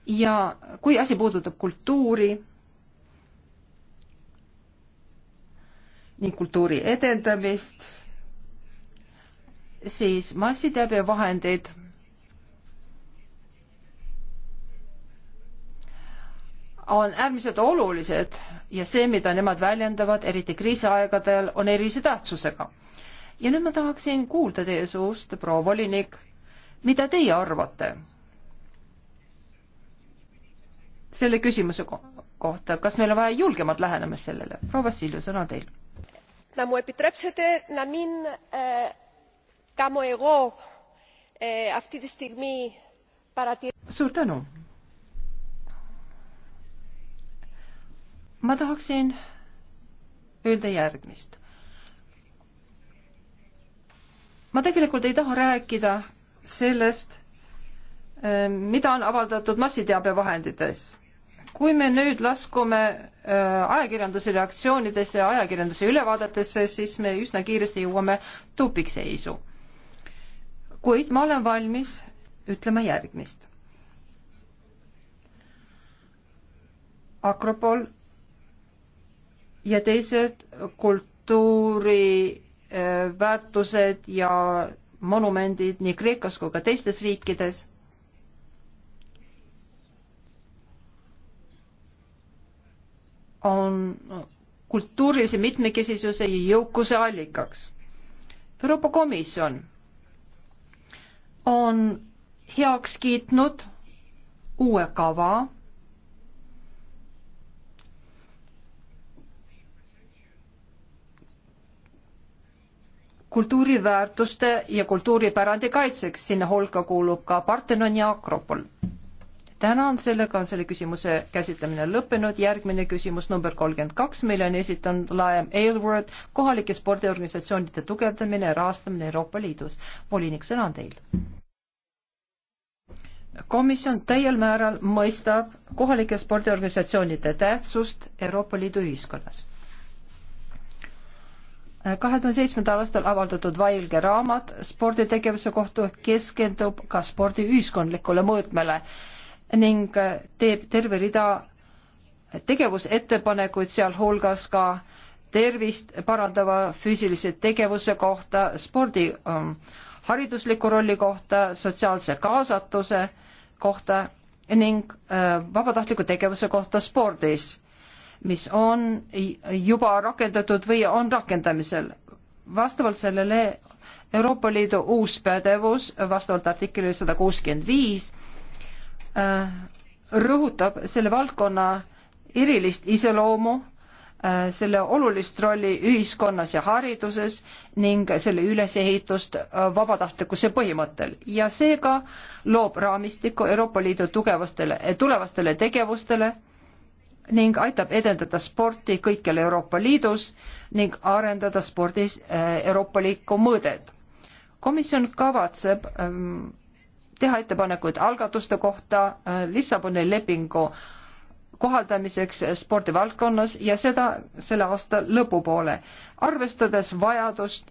ja kui asi puudutab kultuuri ning kultuuri edendamist, siis massiteabevahendeid on äärmiselt olulised ja see, mida nemad väljendavad, eriti kriisiaegadel, on erilise tähtsusega. ja nüüd ma tahaksin kuulda teie suust, proua volinik, mida teie arvate selle küsimuse ko kohta, kas meil on vaja julgemat lähenemist sellele? proua Vassiljev, sõna teil. Eh, eh, suur tänu. ma tahaksin öelda järgmist. ma tegelikult ei taha rääkida sellest, eh, mida on avaldatud massiteabevahendites kui me nüüd laskume äh, ajakirjanduse reaktsioonidesse ja ajakirjanduse ülevaadetesse, siis me üsna kiiresti jõuame tupikseisu. kuid ma olen valmis ütlema järgmist. Akropol ja teised kultuuriväärtused äh, ja monumendid nii Kreekas kui ka teistes riikides on kultuurilise mitmekesisuse ja jõukuse allikaks. Euroopa Komisjon on heaks kiitnud uue kava kultuuriväärtuste ja kultuuripärandi kaitseks, sinna hulka kuulub ka Partenoni ja Akropol tänan, sellega on selle küsimuse käsitlemine lõppenud, järgmine küsimus number kolmkümmend kaks, mille on esitanud Laem Aylward, kohalike spordiorganisatsioonide tugevdamine ja rahastamine Euroopa Liidus. volinik, sõna on teil. komisjon täiel määral mõistab kohalike spordiorganisatsioonide tähtsust Euroopa Liidu ühiskonnas kahe tuhande seitsmendal aastal avaldatud valge raamat sporditegevuse kohta keskendub ka spordi ühiskondlikule mõõtmele ning äh, teeb terve rida tegevusettepanekuid, sealhulgas ka tervist parandava füüsilise tegevuse kohta, spordi um, haridusliku rolli kohta, sotsiaalse kaasatuse kohta ning uh, vabatahtliku tegevuse kohta spordis, mis on juba rakendatud või on rakendamisel. vastavalt sellele Euroopa Liidu uus pädevus vastavalt artiklile sada kuuskümmend viis Äh, rõhutab selle valdkonna erilist iseloomu, äh, selle olulist rolli ühiskonnas ja hariduses ning selle ülesehitust äh, vabatahtlikkuse põhimõttel ja seega loob raamistiku Euroopa Liidu tugevastele, tulevastele tegevustele ning aitab edendada sporti kõikjal Euroopa Liidus ning arendada spordis euroopalikku mõõdet. komisjon kavatseb ähm, teha ettepanekuid algatuste kohta äh, Lissaboni lepingu kohaldamiseks spordivaldkonnas ja seda selle aasta lõpupoole, arvestades vajadust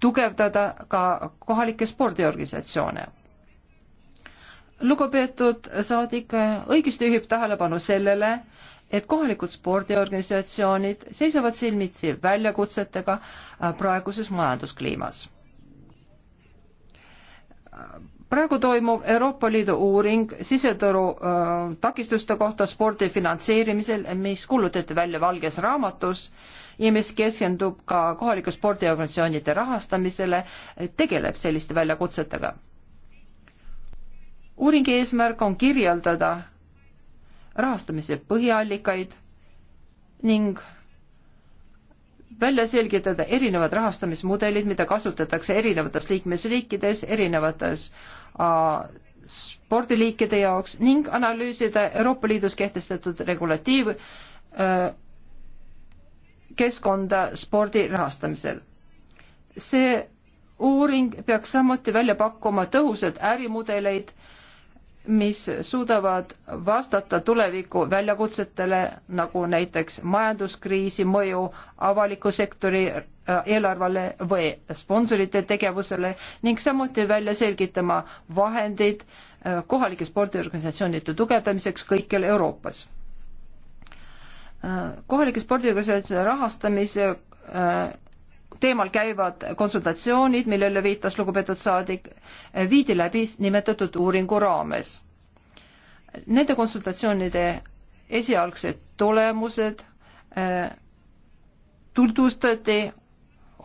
tugevdada ka kohalikke spordiorganisatsioone. lugupeetud saadik õigesti juhib tähelepanu sellele, et kohalikud spordiorganisatsioonid seisavad silmitsi väljakutsetega äh, praeguses majanduskliimas praegu toimub Euroopa Liidu uuring siseturu äh, takistuste kohta spordi finantseerimisel, mis kuulutati välja valges raamatus ja mis keskendub ka kohalike spordiorganisatsioonide rahastamisele, tegeleb selliste väljakutsetega. uuringi eesmärk on kirjeldada rahastamise põhiallikaid ning välja selgitada erinevad rahastamismudelid, mida kasutatakse erinevates liikmesriikides, erinevates äh, spordiliikide jaoks ning analüüsida Euroopa Liidus kehtestatud regulatiiv äh, keskkonda spordi rahastamisel. see uuring peaks samuti välja pakkuma tõhusad ärimudeleid mis suudavad vastata tuleviku väljakutsetele, nagu näiteks majanduskriisi mõju avaliku sektori äh, eelarvele või sponsorite tegevusele ning samuti välja selgitama vahendid äh, kohalike spordiorganisatsioonide tugevdamiseks kõikjal Euroopas. Äh, kohalike spordiorganisatsioonide rahastamise teemal käivad konsultatsioonid, millele viitas lugupeetud saadik, eh, viidi läbi nimetatud uuringu raames. Nende konsultatsioonide esialgsed tulemused eh, tutvustati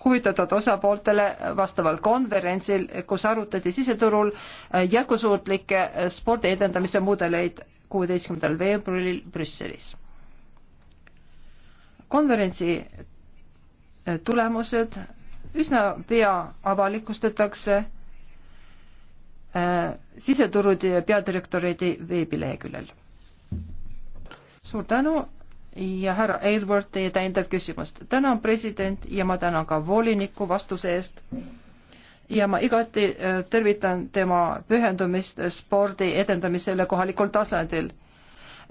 huvitatud osapooltele vastaval konverentsil, kus arutati siseturul eh, jätkusuutlikke spordi edendamise mudeleid kuueteistkümnendal veebruaril Brüsselis. konverentsi tulemused üsna pea avalikustatakse äh, siseturu peadirektoreidi veebileheküljel. suur tänu ja härra Edward, teie täiendav küsimus. tänan president ja ma tänan ka voliniku vastuse eest. ja ma igati äh, tervitan tema pühendumist spordi edendamisele kohalikul tasandil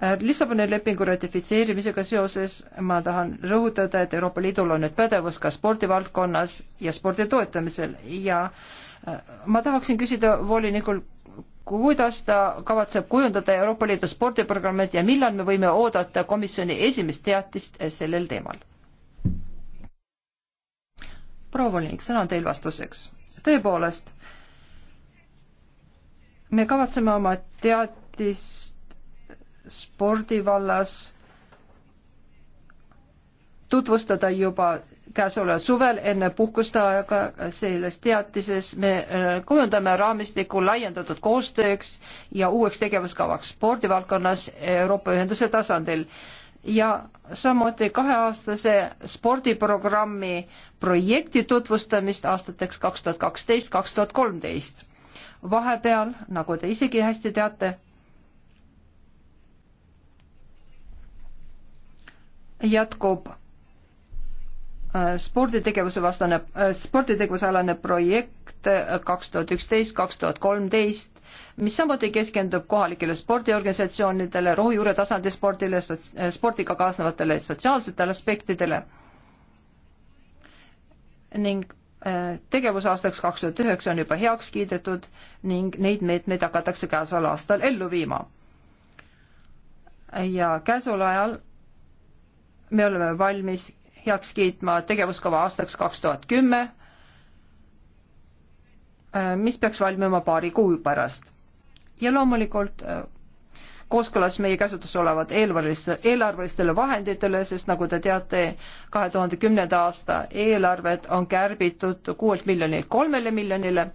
Äh, Lissaboni lepingu ratifitseerimisega seoses ma tahan rõhutada, et Euroopa Liidul on nüüd pädevus ka spordivaldkonnas ja spordi toetamisel ja äh, ma tahaksin küsida volinikul, kuidas ta kavatseb kujundada Euroopa Liidu spordiprogrammid ja millal me võime oodata komisjoni esimest teatist sellel teemal? proua volinik, sõna on teil vastuseks. tõepoolest, me kavatseme oma teatist spordivallas tutvustada juba käesoleval suvel enne puhkuste aega selles teatises me äh, kujundame raamistiku laiendatud koostööks ja uueks tegevuskavaks spordivaldkonnas Euroopa Ühenduse tasandil ja samuti kaheaastase spordiprogrammi projekti tutvustamist aastateks kaks tuhat kaksteist, kaks tuhat kolmteist. vahepeal, nagu te isegi hästi teate jätkub äh, sporditegevuse vastane, äh, sporditegevusealane projekt äh, kaks tuhat üksteist, kaks tuhat kolmteist, mis samuti keskendub kohalikele spordiorganisatsioonidele, rohujuure tasandi spordile, spordiga kaasnevatele sotsiaalsetele aspektidele ning tegevusaastaks kaks tuhat üheksa on juba heaks kiidetud ning neid meetmeid hakatakse käesoleval aastal ellu viima. ja käesoleval ajal me oleme valmis heaks kiitma tegevuskava aastaks kaks tuhat kümme, äh, mis peaks valmima paari kuu pärast. ja loomulikult äh, kooskõlas meie käsutus olevad eelarveliste, eelarvelistele vahenditele, sest nagu te teate, kahe tuhande kümnenda aasta eelarved on kärbitud kuuelt miljonilt kolmele miljonile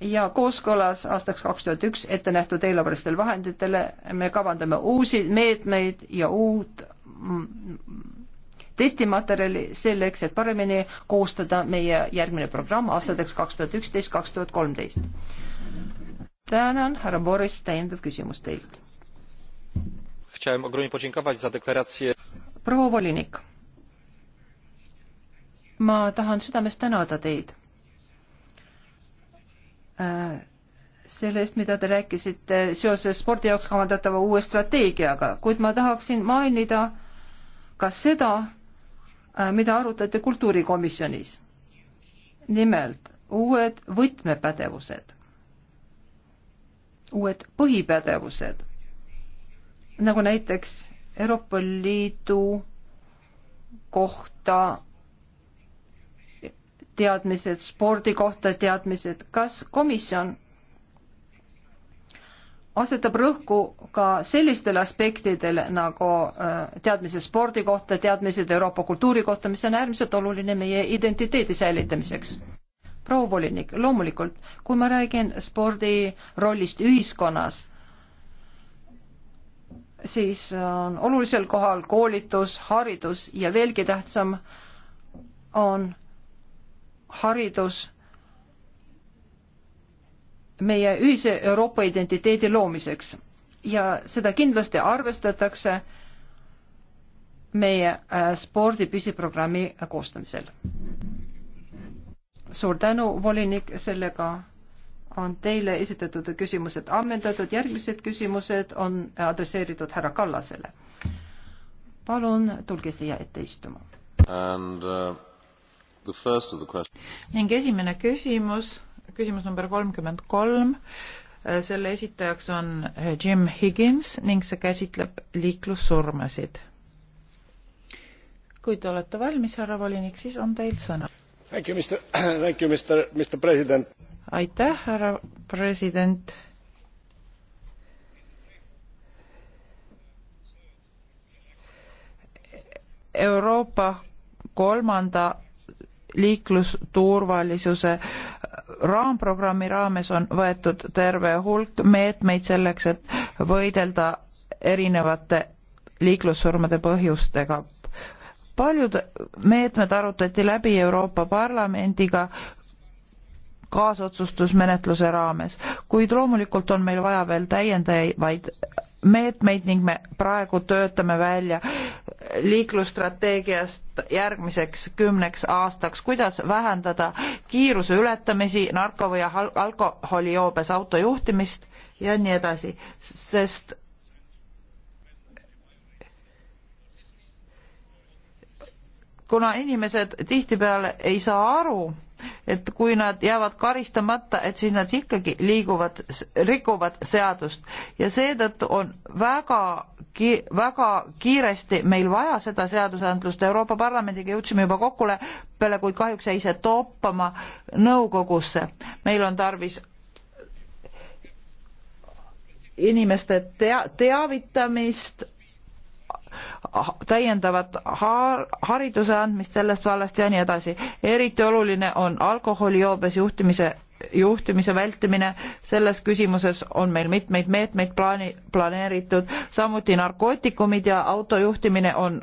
ja kooskõlas aastaks kaks tuhat üks ette nähtud eelarvelistele vahenditele me kavandame uusi meetmeid ja uut testimaterjali selleks, et paremini koostada meie järgmine programm aastateks kaks tuhat üksteist, kaks tuhat kolmteist. tänan, härra Boris, täiendav küsimus teilt. proua volinik, ma tahan südamest tänada teid äh, selle eest, mida te rääkisite seoses spordi jaoks kavandatava uue strateegiaga, kuid ma tahaksin mainida äh, ka seda, äh, mida arutati kultuurikomisjonis. nimelt uued võtmepädevused, uued põhipädevused, nagu näiteks Euroopa Liidu kohta teadmised, spordi kohta teadmised, kas komisjon asetab rõhku ka sellistele aspektidele nagu äh, teadmised spordi kohta, teadmised Euroopa kultuuri kohta, mis on äärmiselt oluline meie identiteedi säilitamiseks. proua volinik, loomulikult, kui ma räägin spordi rollist ühiskonnas, siis on olulisel kohal koolitus, haridus ja veelgi tähtsam on haridus meie ühise Euroopa identiteedi loomiseks ja seda kindlasti arvestatakse meie äh, spordi püsiprogrammi koostamisel. suur tänu, volinik, sellega on teile esitatud küsimused ammendatud, järgmised küsimused on adresseeritud härra Kallasele. palun tulge siia ette istuma. Uh, ning esimene küsimus küsimus number kolmkümmend kolm, äh, selle esitajaks on äh, Jim Higgins ning see käsitleb liiklussurmasid. kui te olete valmis, härra volinik, siis on teil sõna. *clears throat* aitäh, härra president. Euroopa kolmanda liiklusturvalisuse raamprogrammi raames on võetud terve hulk meetmeid selleks, et võidelda erinevate liiklussurmade põhjustega. paljud meetmed arutati läbi Euroopa Parlamendiga kaasotsustusmenetluse raames, kuid loomulikult on meil vaja veel täiendavaid meetmeid ning me praegu töötame välja liiklusstrateegiast järgmiseks kümneks aastaks, kuidas vähendada kiiruse ületamisi, narko- või alkoholijoobes auto juhtimist ja nii edasi, sest kuna inimesed tihtipeale ei saa aru, et kui nad jäävad karistamata, et siis nad ikkagi liiguvad, rikuvad seadust ja seetõttu on väga ki-, väga kiiresti meil vaja seda seadusandlust, Euroopa Parlamendiga jõudsime juba kokkuleppele, kuid kahjuks jäi see toppama nõukogusse. meil on tarvis inimeste tea-, teavitamist täiendavat har hariduse andmist sellest vallast ja nii edasi. eriti oluline on alkoholijoobes juhtimise juhtimise vältimine, selles küsimuses on meil mitmeid meetmeid plaani, planeeritud, samuti narkootikumid ja autojuhtimine on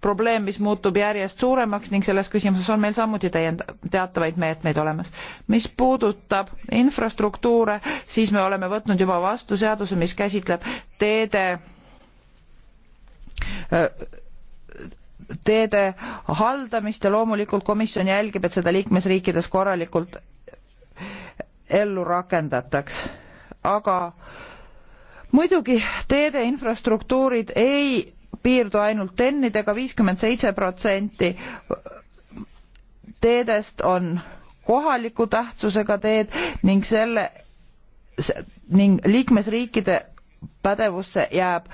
probleem, mis muutub järjest suuremaks ning selles küsimuses on meil samuti täiend-, teatavaid meetmeid olemas. mis puudutab infrastruktuure, siis me oleme võtnud juba vastu seaduse, mis käsitleb teede teede haldamist ja loomulikult komisjon jälgib, et seda liikmesriikides korralikult ellu rakendataks. aga muidugi teede infrastruktuurid ei piirdu ainult TEN-idega, viiskümmend seitse protsenti teedest on kohaliku tähtsusega teed ning selle ning liikmesriikide pädevusse jääb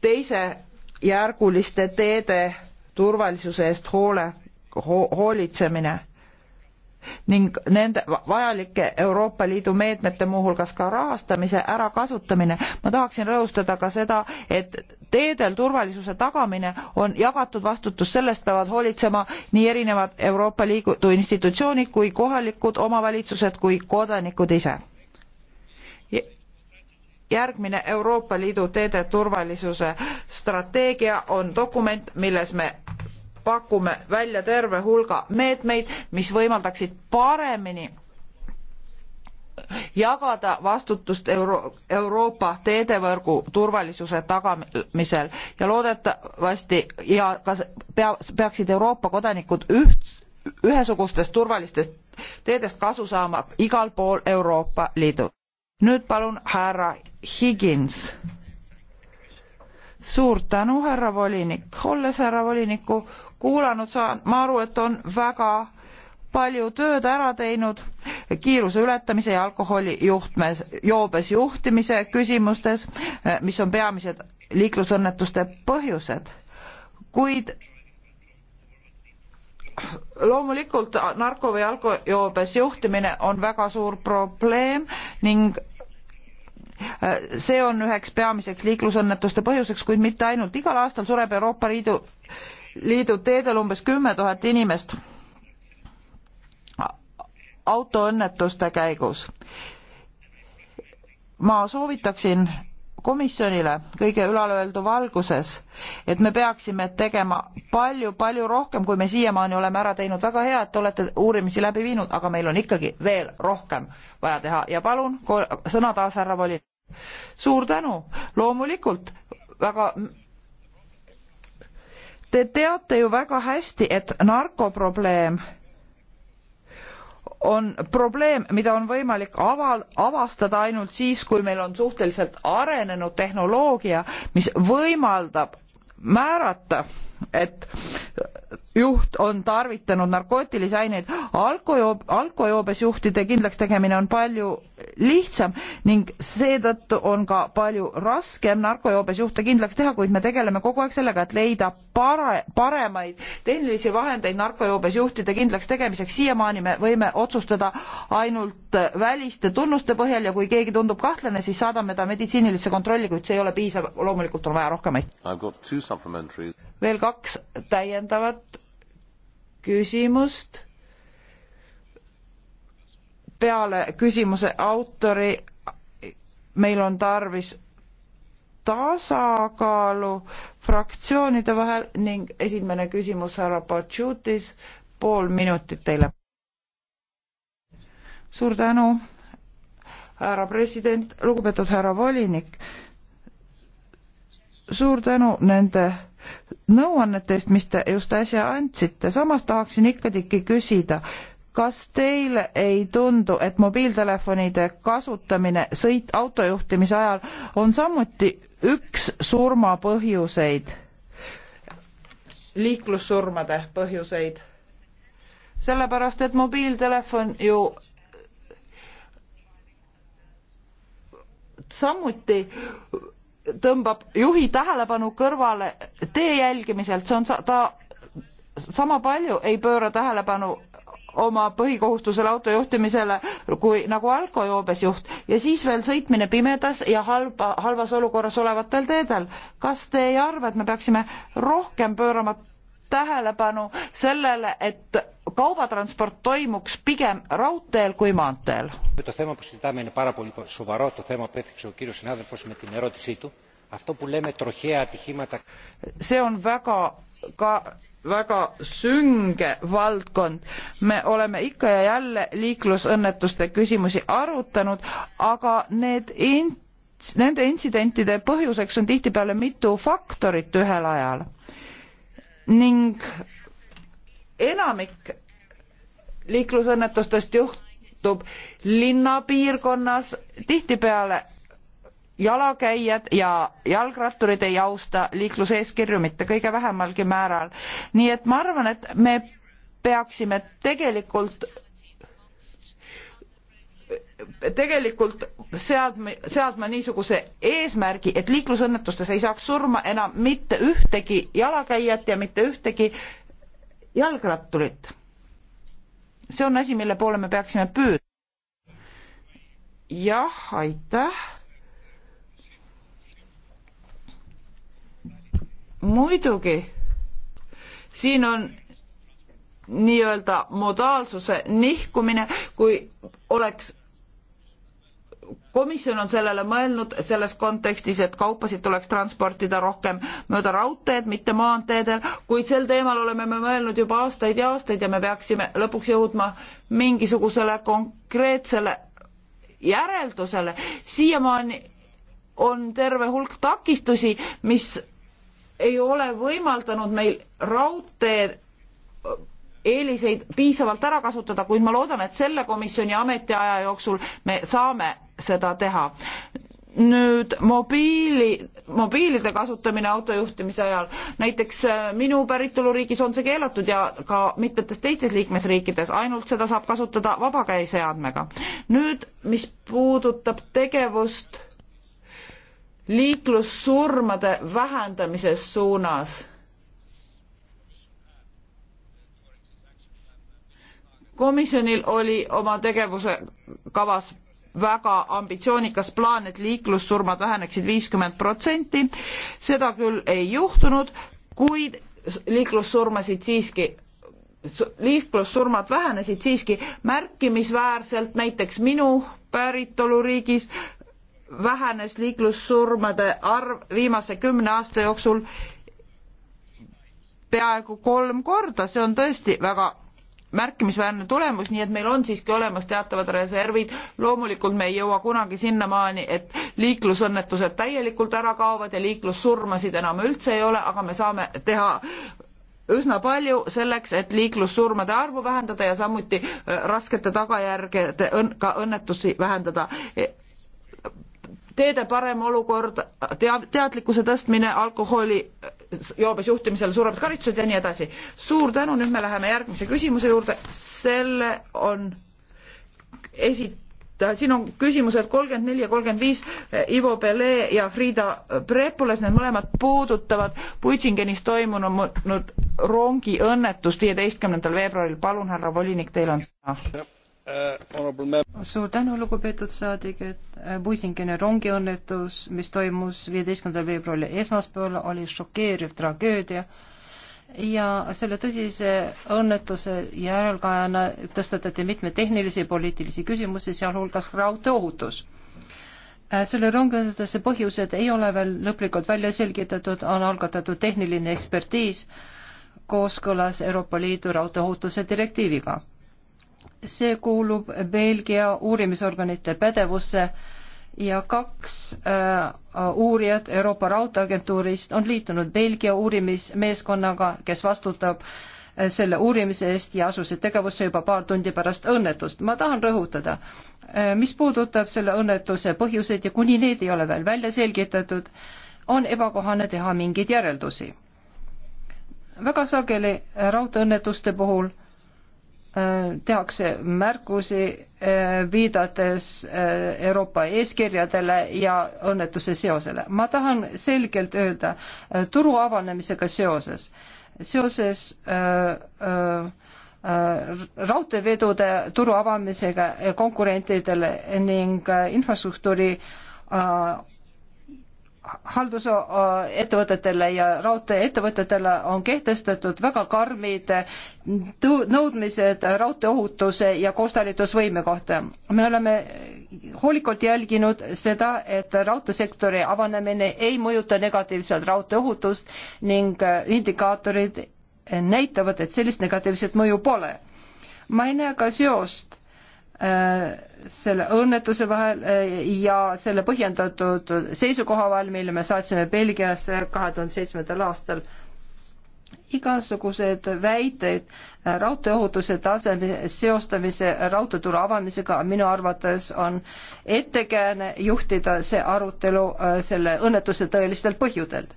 teise järguliste teede turvalisuse eest hoole ho,, hoolitsemine ning nende vajalike Euroopa Liidu meetmete, muuhulgas ka rahastamise ärakasutamine. ma tahaksin rõhustada ka seda, et teedel turvalisuse tagamine on jagatud vastutus, sellest peavad hoolitsema nii erinevad Euroopa Liidu institutsioonid kui kohalikud omavalitsused kui kodanikud ise järgmine Euroopa Liidu teede turvalisuse strateegia on dokument, milles me pakume välja terve hulga meetmeid, mis võimaldaksid paremini jagada vastutust Euro Euroopa teedevõrgu turvalisuse tagamisel ja loodetavasti ja kas pea, peaksid Euroopa kodanikud üht, ühesugustest turvalistest teedest kasu saama igal pool Euroopa Liidus. nüüd palun härra Higins. suur tänu, härra volinik, olles härra volinikku kuulanud, saan ma aru, et on väga palju tööd ära teinud kiiruse ületamise ja alkoholi juhtmes, joobes juhtimise küsimustes, mis on peamised liiklusõnnetuste põhjused. kuid loomulikult narko või alkojoobes juhtimine on väga suur probleem ning Äh, see on üheks peamiseks liiklusõnnetuste põhjuseks, kuid mitte ainult. igal aastal sureb Euroopa Liidu, Liidu teedel umbes kümme tuhat inimest autoõnnetuste käigus. ma soovitaksin komisjonile kõige ülalöeldu valguses, et me peaksime tegema palju-palju rohkem, kui me siiamaani oleme ära teinud. väga hea, et te olete uurimisi läbi viinud, aga meil on ikkagi veel rohkem vaja teha ja palun sõna taas härra Voli. suur tänu, loomulikult väga Te teate ju väga hästi, et narkoprobleem on probleem, mida on võimalik aval-, avastada ainult siis, kui meil on suhteliselt arenenud tehnoloogia, mis võimaldab määrata et juht on tarvitanud narkootilisi aineid alkojoob, alkojoobes juhtide kindlaks tegemine on palju lihtsam ning seetõttu on ka palju raskem narkojoobes juhte kindlaks teha kuid me tegeleme kogu aeg sellega et leida pare, paremaid tehnilisi vahendeid narkojoobes juhtide kindlaks tegemiseks siiamaani me võime otsustada ainult väliste tunnuste põhjal ja kui keegi tundub kahtlane siis saadame ta meditsiinilisse kontrolli kuid see ei ole piisav loomulikult on vaja rohkemaid veel kaks täiendavat küsimust peale küsimuse autori meil on tarvis tasakaalu fraktsioonide vahel ning esimene küsimus härra Pachutis, pool minutit teile. suur tänu, härra president, lugupeetud härra volinik. suur tänu nende nõuannetest, mis te just äsja andsite, samas tahaksin ikkagi küsida, kas teile ei tundu, et mobiiltelefonide kasutamine sõit autojuhtimise ajal on samuti üks surma põhjuseid, liiklussurmade põhjuseid? sellepärast, et mobiiltelefon ju samuti tõmbab juhi tähelepanu kõrvale tee jälgimiselt, see on sa, ta sama palju ei pööra tähelepanu oma põhikohustusele auto juhtimisele kui nagu alkojoobes juht ja siis veel sõitmine pimedas ja halba, halvas olukorras olevatel teedel. kas te ei arva, et me peaksime rohkem pöörama tähelepanu sellele, et kaubatransport toimuks pigem raudteel kui maanteel. το θέμα που συζητάμε είναι πάρα πολύ σοβαρό το θέμα που έθιξε ο κύριος συνάδελφος με την ερώτησή του. Αυτό που λέμε τροχαία ατυχήματα. Σε on väga ka väga sünge valdkond. me oleme ikka ja jälle liiklusõnnetuste küsimusi arutanud, aga need int-, nende intsidentide põhjuseks on tihtipeale mitu faktorit ühel ajal ning enamik liiklusõnnetustest juhtub linnapiirkonnas, tihtipeale jalakäijad ja jalgratturid ei austa liikluseeskirju mitte kõige vähemalgi määral. nii et ma arvan, et me peaksime tegelikult tegelikult seadma, seadma niisuguse eesmärgi, et liiklusõnnetustes ei saaks surma enam mitte ühtegi jalakäijat ja mitte ühtegi jalgratturit see on asi, mille poole me peaksime püüdma. jah, aitäh. muidugi, siin on nii-öelda modaalsuse nihkumine, kui oleks komisjon on sellele mõelnud selles kontekstis, et kaupasid tuleks transportida rohkem mööda raudteed, mitte maanteedel, kuid sel teemal oleme me mõelnud juba aastaid ja aastaid ja me peaksime lõpuks jõudma mingisugusele konkreetsele järeldusele. siiamaani on terve hulk takistusi, mis ei ole võimaldanud meil raudtee eeliseid piisavalt ära kasutada, kuid ma loodan, et selle komisjoni ametiaja jooksul me saame seda teha nüüd mobiili, mobiilide kasutamine autojuhtimise ajal, näiteks äh, minu päritoluriigis on see keelatud ja ka mitmetes teistes liikmesriikides, ainult seda saab kasutada vabakäise andmega. nüüd, mis puudutab tegevust liiklussurmade vähendamise suunas, komisjonil oli oma tegevuse kavas väga ambitsioonikas plaan, et liiklussurmad väheneksid viiskümmend protsenti. seda küll ei juhtunud, kuid liiklussurmasid siiski liiklussurmad vähenesid siiski märkimisväärselt, näiteks minu päritoluriigis vähenes liiklussurmade arv viimase kümne aasta jooksul peaaegu kolm korda, see on tõesti väga märkimisväärne tulemus, nii et meil on siiski olemas teatavad reservid. loomulikult me ei jõua kunagi sinnamaani, et liiklusõnnetused täielikult ära kaovad ja liiklussurmasid enam üldse ei ole, aga me saame teha üsna palju selleks, et liiklussurmade arvu vähendada ja samuti äh, raskete tagajärgede, ka õnnetusi vähendada teede parem olukord, teab, teadlikkuse tõstmine, alkoholi joobes juhtimisel suuremad karistused ja nii edasi. suur tänu, nüüd me läheme järgmise küsimuse juurde, selle on esita-, siin on küsimused kolmkümmend neli ja kolmkümmend viis eh, Ivo Pele ja Frieda Prepules, need mõlemad puudutavad Puitsingenis toimunud rongiõnnetust viieteistkümnendal veebruaril, palun, härra volinik, teil on sõna Uh, suur tänu, lugupeetud saadik, et äh, Buisingeni rongiõnnetus, mis toimus viieteistkümnendal veebruaril esmaspäeval, oli šokeeriv tragöödia ja selle tõsise õnnetuse järelkajana tõstatati mitmeid tehnilisi ja poliitilisi küsimusi, sealhulgas raudteeohutus. Äh, selle rongiõnnetuse põhjused ei ole veel lõplikult välja selgitatud, on algatatud tehniline ekspertiis kooskõlas Euroopa Liidu raudteeohutuse direktiiviga see kuulub Belgia uurimisorganite pädevusse ja kaks äh, uurijat Euroopa Raudteeagentuurist on liitunud Belgia uurimismeeskonnaga, kes vastutab äh, selle uurimise eest ja asusid tegevusse juba paar tundi pärast õnnetust. ma tahan rõhutada äh,, mis puudutab selle õnnetuse põhjuseid ja kuni need ei ole veel välja selgitatud, on ebakohane teha mingeid järeldusi. väga sageli raudteeõnnetuste puhul äh, Äh, tehakse märkusi, äh, viidates äh, Euroopa eeskirjadele ja õnnetuse seosele. ma tahan selgelt öelda turu avanemisega seoses, seoses öö, raudteevedude turu avamisega konkurentidele ning infrastruktuuri haldusettevõtetele ja raudteeettevõtetele on kehtestatud väga karmid nõudmised raudteeohutuse ja koostalitusvõime kohta. me oleme hoolikalt jälginud seda, et raudteesektori avanemine ei mõjuta negatiivselt raudteeohutust ning indikaatorid näitavad, et sellist negatiivset mõju pole. ma ei näe ka seost Äh, selle õnnetuse vahel äh, ja selle põhjendatud seisukoha vahel, mille me saatsime Belgiasse äh, kahe tuhande seitsmendal aastal. igasugused väited raudteeohutuse taseme seostamise raudteeturu avamisega minu arvates on ettekääne juhtida see arutelu selle õnnetuse tõelistel põhjudel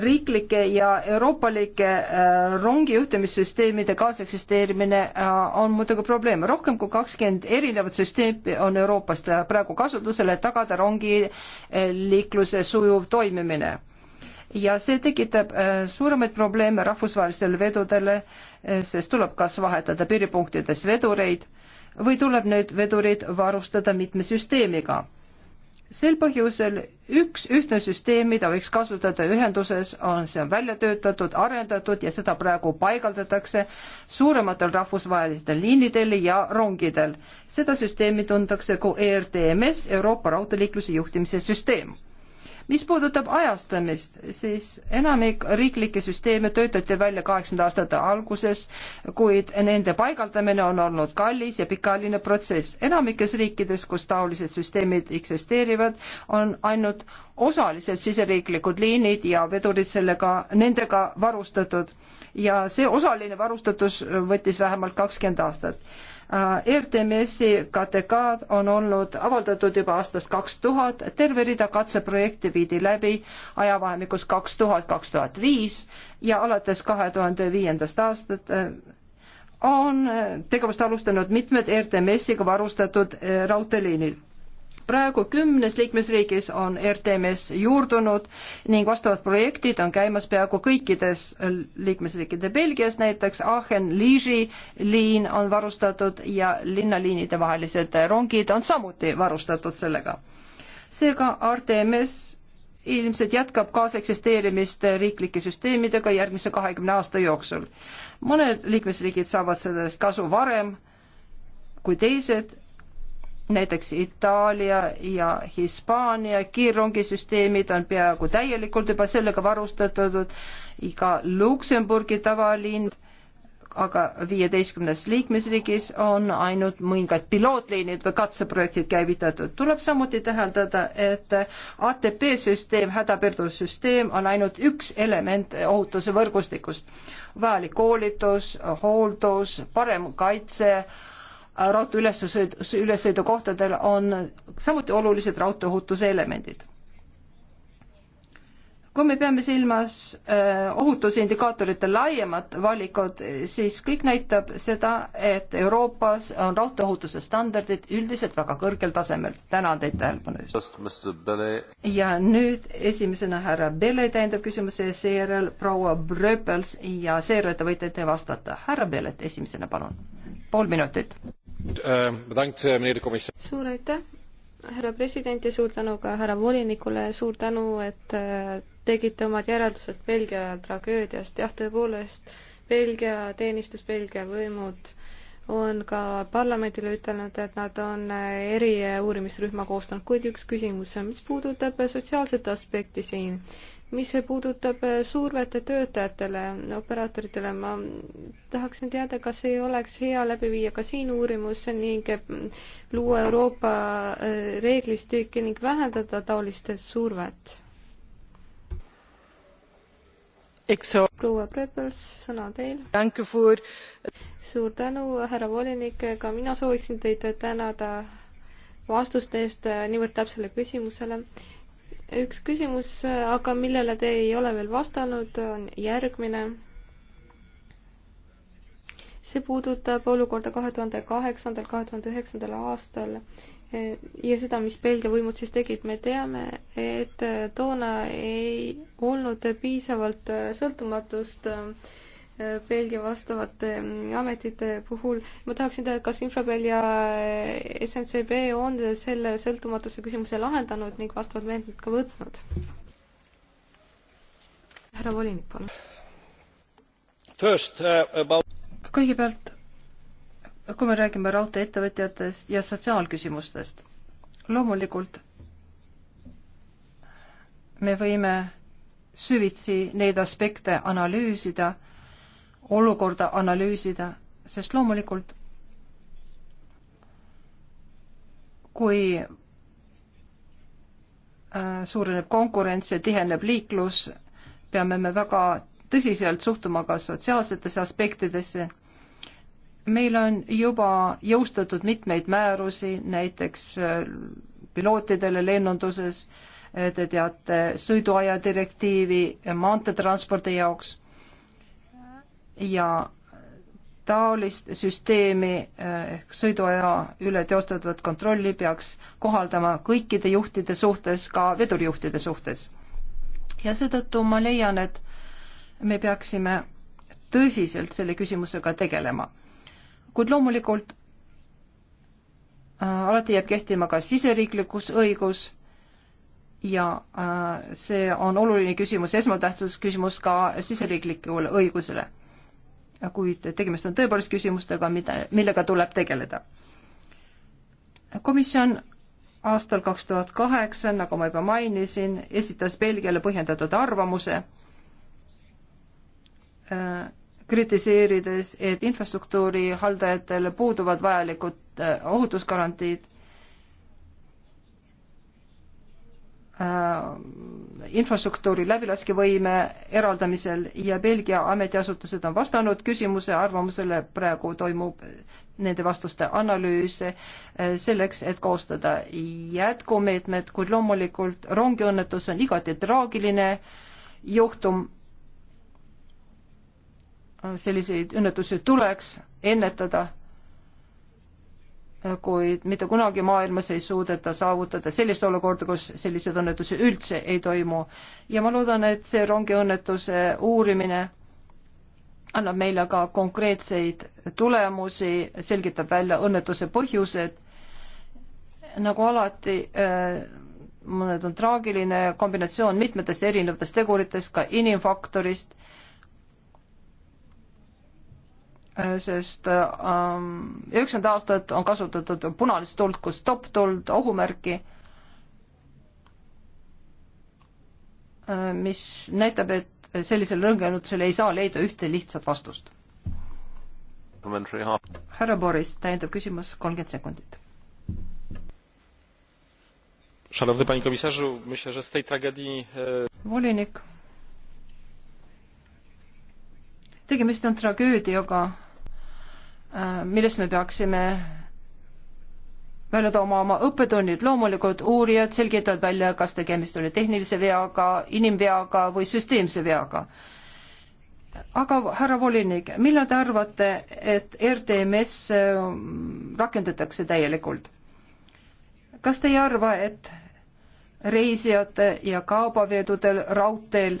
riiklike ja euroopalike äh, rongijuhtimissüsteemide kaaseksisteerimine äh, on muidugi probleem. rohkem kui kakskümmend erinevat süsteemi on Euroopast praegu kasutusel, et tagada rongiliikluse äh, sujuv toimimine. ja see tekitab suuremaid probleeme rahvusvahelistele vedudele, sest tuleb kas vahetada piiripunktides vedureid või tuleb need vedurid varustada mitme süsteemiga sel põhjusel üks ühtne süsteem, mida võiks kasutada ühenduses, on, see on välja töötatud, arendatud ja seda praegu paigaldatakse suurematel rahvusvahelistel liinidel ja rongidel. seda süsteemi tuntakse kui ERTMS, Euroopa raudteeliikluse juhtimise süsteem mis puudutab ajastamist, siis enamik riiklikke süsteeme töötati välja kaheksakümnenda aastate alguses, kuid nende paigaldamine on olnud kallis ja pikaajaline protsess. enamikes riikides, kus taolised süsteemid eksisteerivad, on ainult osaliselt siseriiklikud liinid ja vedurid sellega, nendega varustatud ja see osaline varustatus võttis vähemalt kakskümmend aastat. Äh, RTMS-i KTK-d on olnud avaldatud juba aastast kaks tuhat, terve rida katseprojekte viidi läbi ajavahemikus kaks tuhat, kaks tuhat viis ja alates kahe tuhande viiendast aastast äh, on äh, tegevust alustanud mitmed RTMS-iga varustatud raudteeliinid praegu kümnes liikmesriigis on RTMS juurdunud ning vastavad projektid on käimas peaaegu kõikides äh, liikmesriikide Belgias, näiteks Aachen-Liisi liin on varustatud ja linnaliinide vahelised rongid on samuti varustatud sellega. seega RTMS ilmselt jätkab kaaseksisteerimist riiklike süsteemidega järgmise kahekümne aasta jooksul. mõned liikmesriigid saavad sellest kasu varem kui teised näiteks Itaalia ja Hispaania kiirrongisüsteemid on peaaegu täielikult juba sellega varustatud, ka Luksemburgi tavalinn, aga viieteistkümnes liikmesriigis on ainult mõningad pilootliinid või katseprojektid käivitatud. tuleb samuti täheldada, et ATP süsteem, hädapöördussüsteem on ainult üks element ohutuse võrgustikust. vajalik koolitus, hooldus, parem kaitse raudtee ülesõidu, ülesõidukohtadel on samuti olulised raudteeohutuse elemendid. kui me peame silmas äh, ohutuse indikaatorite laiemat valikut, siis kõik näitab seda, et Euroopas on raudteeohutuse standardid üldiselt väga kõrgel tasemel. tänan teid tähelepanu eest. ja nüüd esimesena härra Belle täiendav küsimus ja seejärel proua Bröpels ja seejärel te võite te vastata. härra Bellet esimesena, palun. pool minutit Ehm, eh, suur aitäh, härra president ja suur tänu ka härra volinikule, suur tänu, et eh, tegite omad järeldused Belgia tragöödiast, jah, tõepoolest, Belgia teenistus, Belgia võimud on ka parlamendile ütelnud, et nad on eh, eriuurimisrühma koostanud, kuid üks küsimus, mis puudutab sotsiaalset aspekti siin mis puudutab äh, survete töötajatele, operaatoritele, ma tahaksin teada, kas ei oleks hea läbi viia ka siin uurimus ning äh, luua Euroopa äh, reeglistik ning vähendada taolist survet? proua Prebels, sõna teil. suur tänu, härra volinik, ka mina sooviksin teid tänada vastuste eest niivõrd täpsele küsimusele üks küsimus, aga millele te ei ole veel vastanud, on järgmine. see puudutab olukorda kahe tuhande kaheksandal, kahe tuhande üheksandal aastal eh, ja seda, mis Belgia võimud siis tegid, me teame, et toona ei olnud piisavalt eh, sõltumatust äh, Belgia vastavate mm, ametite puhul. ma tahaksin teada, kas Infrabel ja eh, SNCB on selle sõltumatuse küsimuse lahendanud ning vastavad meetmed ka võtnud? härra volinik, palun. Uh, kõigepealt, kui me räägime raudtee-ettevõtjatest ja sotsiaalküsimustest, loomulikult me võime süvitsi neid aspekte analüüsida olukorda analüüsida, sest loomulikult kui äh, suureneb konkurents ja tiheneb liiklus, peame me väga tõsiselt suhtuma ka sotsiaalsetesse aspektidesse. meil on juba jõustatud mitmeid määrusi, näiteks äh, pilootidele lennunduses, äh, te teate sõiduaja direktiivi maanteetranspordi jaoks ja taolist süsteemi eh, ehk sõiduaja üle teostatavat kontrolli peaks kohaldama kõikide juhtide suhtes, ka vedurijuhtide suhtes. ja seetõttu ma leian, et me peaksime tõsiselt selle küsimusega tegelema. kuid loomulikult äh, alati jääb kehtima ka siseriiklikus õigus ja äh, see on oluline küsimus, esmatähtsus küsimus ka siseriiklikule õigusele kuid tegemist on tõepoolest küsimustega, mida, millega tuleb tegeleda. komisjon aastal kaks tuhat kaheksa, nagu ma juba mainisin, esitas Belgiale põhjendatud arvamuse äh, kritiseerides, et infrastruktuuri haldajatel puuduvad vajalikud äh, ohutusgarantiid Äh, infostruktuuri läbilaskevõime eraldamisel ja Belgia ametiasutused on vastanud küsimuse arvamusele, praegu toimub nende vastuste analüüs äh, selleks, et koostada jätkumeetmed, kuid loomulikult rongiõnnetus on igati traagiline juhtum. selliseid õnnetusi tuleks ennetada kuid mitte kunagi maailmas ei suudeta saavutada sellist olukorda, kus selliseid õnnetusi üldse ei toimu. ja ma loodan, et see rongiõnnetuse uurimine annab meile ka konkreetseid tulemusi, selgitab välja õnnetuse põhjused. nagu alati, äh, mõned on traagiline kombinatsioon mitmetest erinevatest teguritest, ka inimfaktorist sest ähm, üheksakümmend aastat on kasutatud punalist tuld kui stopp-tuld, ohumärki, äh, mis näitab, et sellisele lõnganutusele ei saa leida ühte lihtsat vastust. härra Boris, täiendav küsimus, kolmkümmend sekundit szanowny panie komisarzu myślę że z tej tragedii e, volinik tegemist on tragöödiaga Äh, millest me peaksime välja tooma oma õppetunnid, loomulikult uurijad selgitavad välja, kas tegemist oli tehnilise veaga, inimveaga või süsteemse veaga. aga härra volinik, millal te arvate, et RTMS äh, rakendatakse täielikult? kas te ei arva, et reisijate ja kaubaveedudel raudteel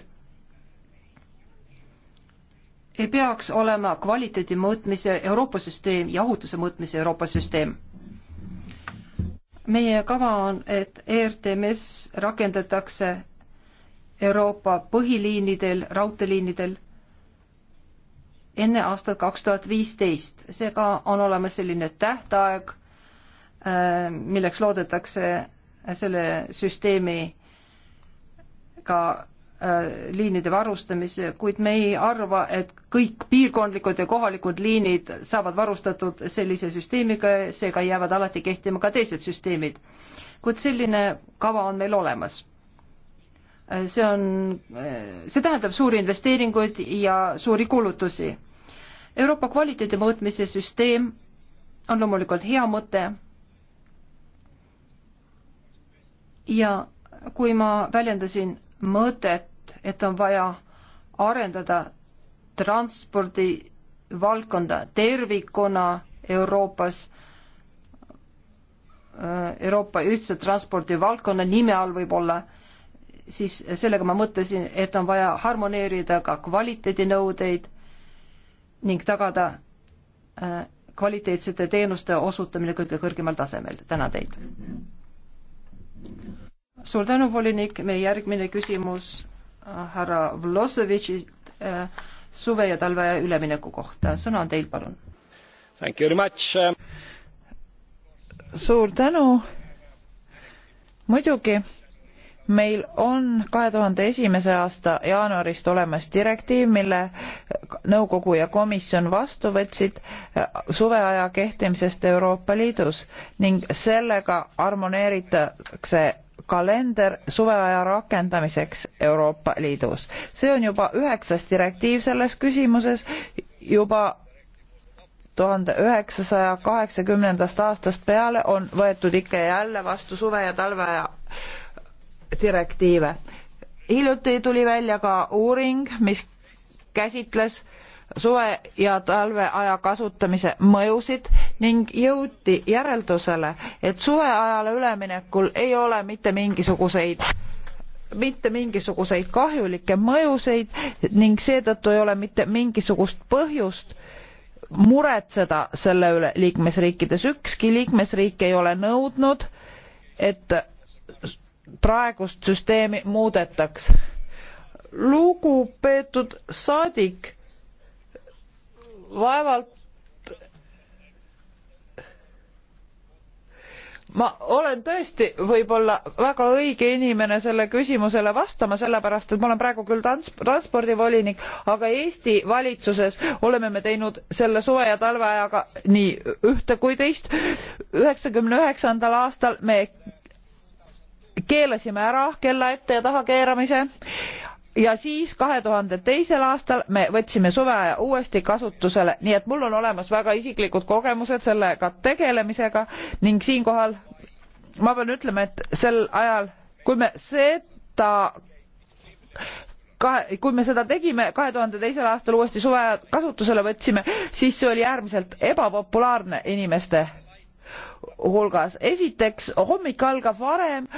ei peaks olema kvaliteedi mõõtmise Euroopa süsteem ja ohutuse mõõtmise Euroopa süsteem. meie kava on, et ERTMS rakendatakse Euroopa põhiliinidel, raudteeliinidel enne aastat kaks tuhat viisteist. seega on olemas selline tähtaeg, äh, milleks loodetakse selle süsteemi ka Äh, liinide varustamise, kuid me ei arva, et kõik piirkondlikud ja kohalikud liinid saavad varustatud sellise süsteemiga, seega jäävad alati kehtima ka teised süsteemid. kuid selline kava on meil olemas. Äh, see on, äh, see tähendab suuri investeeringuid ja suuri kulutusi. Euroopa kvaliteedi mõõtmise süsteem on loomulikult hea mõte ja kui ma väljendasin mõtet, et on vaja arendada transpordivaldkonda tervikuna Euroopas. Äh, Euroopa ühtse transpordivaldkonna nime all võib-olla, siis sellega ma mõtlesin, et on vaja harmoneerida ka kvaliteedinõudeid ning tagada äh, kvaliteetsete teenuste osutamine kõige kõrgemal tasemel. tänan teid suur tänu, volinik, meie järgmine küsimus äh, härra Vlossevitšilt äh, suve ja talve ülemineku kohta, sõna on teil, palun. Äh. suur tänu. muidugi, meil on kahe tuhande esimese aasta jaanuarist olemas direktiiv, mille nõukogu ja komisjon vastu võtsid suveaja kehtimisest Euroopa Liidus ning sellega harmoneeritakse kalender suveaja rakendamiseks Euroopa Liidus. see on juba üheksas direktiiv selles küsimuses, juba tuhande üheksasaja kaheksakümnendast aastast peale on võetud ikka ja jälle vastu suve- ja talveaja direktiive. hiljuti tuli välja ka uuring, mis käsitles suve ja talveaja kasutamise mõjusid ning jõuti järeldusele, et suveajale üleminekul ei ole mitte mingisuguseid mitte mingisuguseid kahjulikke mõjuseid ning seetõttu ei ole mitte mingisugust põhjust muretseda selle üle liikmesriikides. ükski liikmesriik ei ole nõudnud, et praegust süsteemi muudetaks. lugupeetud saadik vaevalt ma olen tõesti võib-olla väga õige inimene selle küsimusele vastama sellepärast et ma olen praegu küll transpordivolinik aga eesti valitsuses oleme me teinud selle suve ja talveajaga nii ühte kui teist. aastal me keelasime ära kella ette ja taha keeramise ja siis kahe tuhande teisel aastal me võtsime suveaja uuesti kasutusele nii et mul on olemas väga isiklikud kogemused sellega tegelemisega ning siinkohal ma pean ütlema et sel ajal kui me seda kahe, kui me seda tegime kahe tuhande teisel aastal uuesti suveaja kasutusele võtsime siis see oli äärmiselt ebapopulaarne inimeste hulgas esiteks hommik algab varem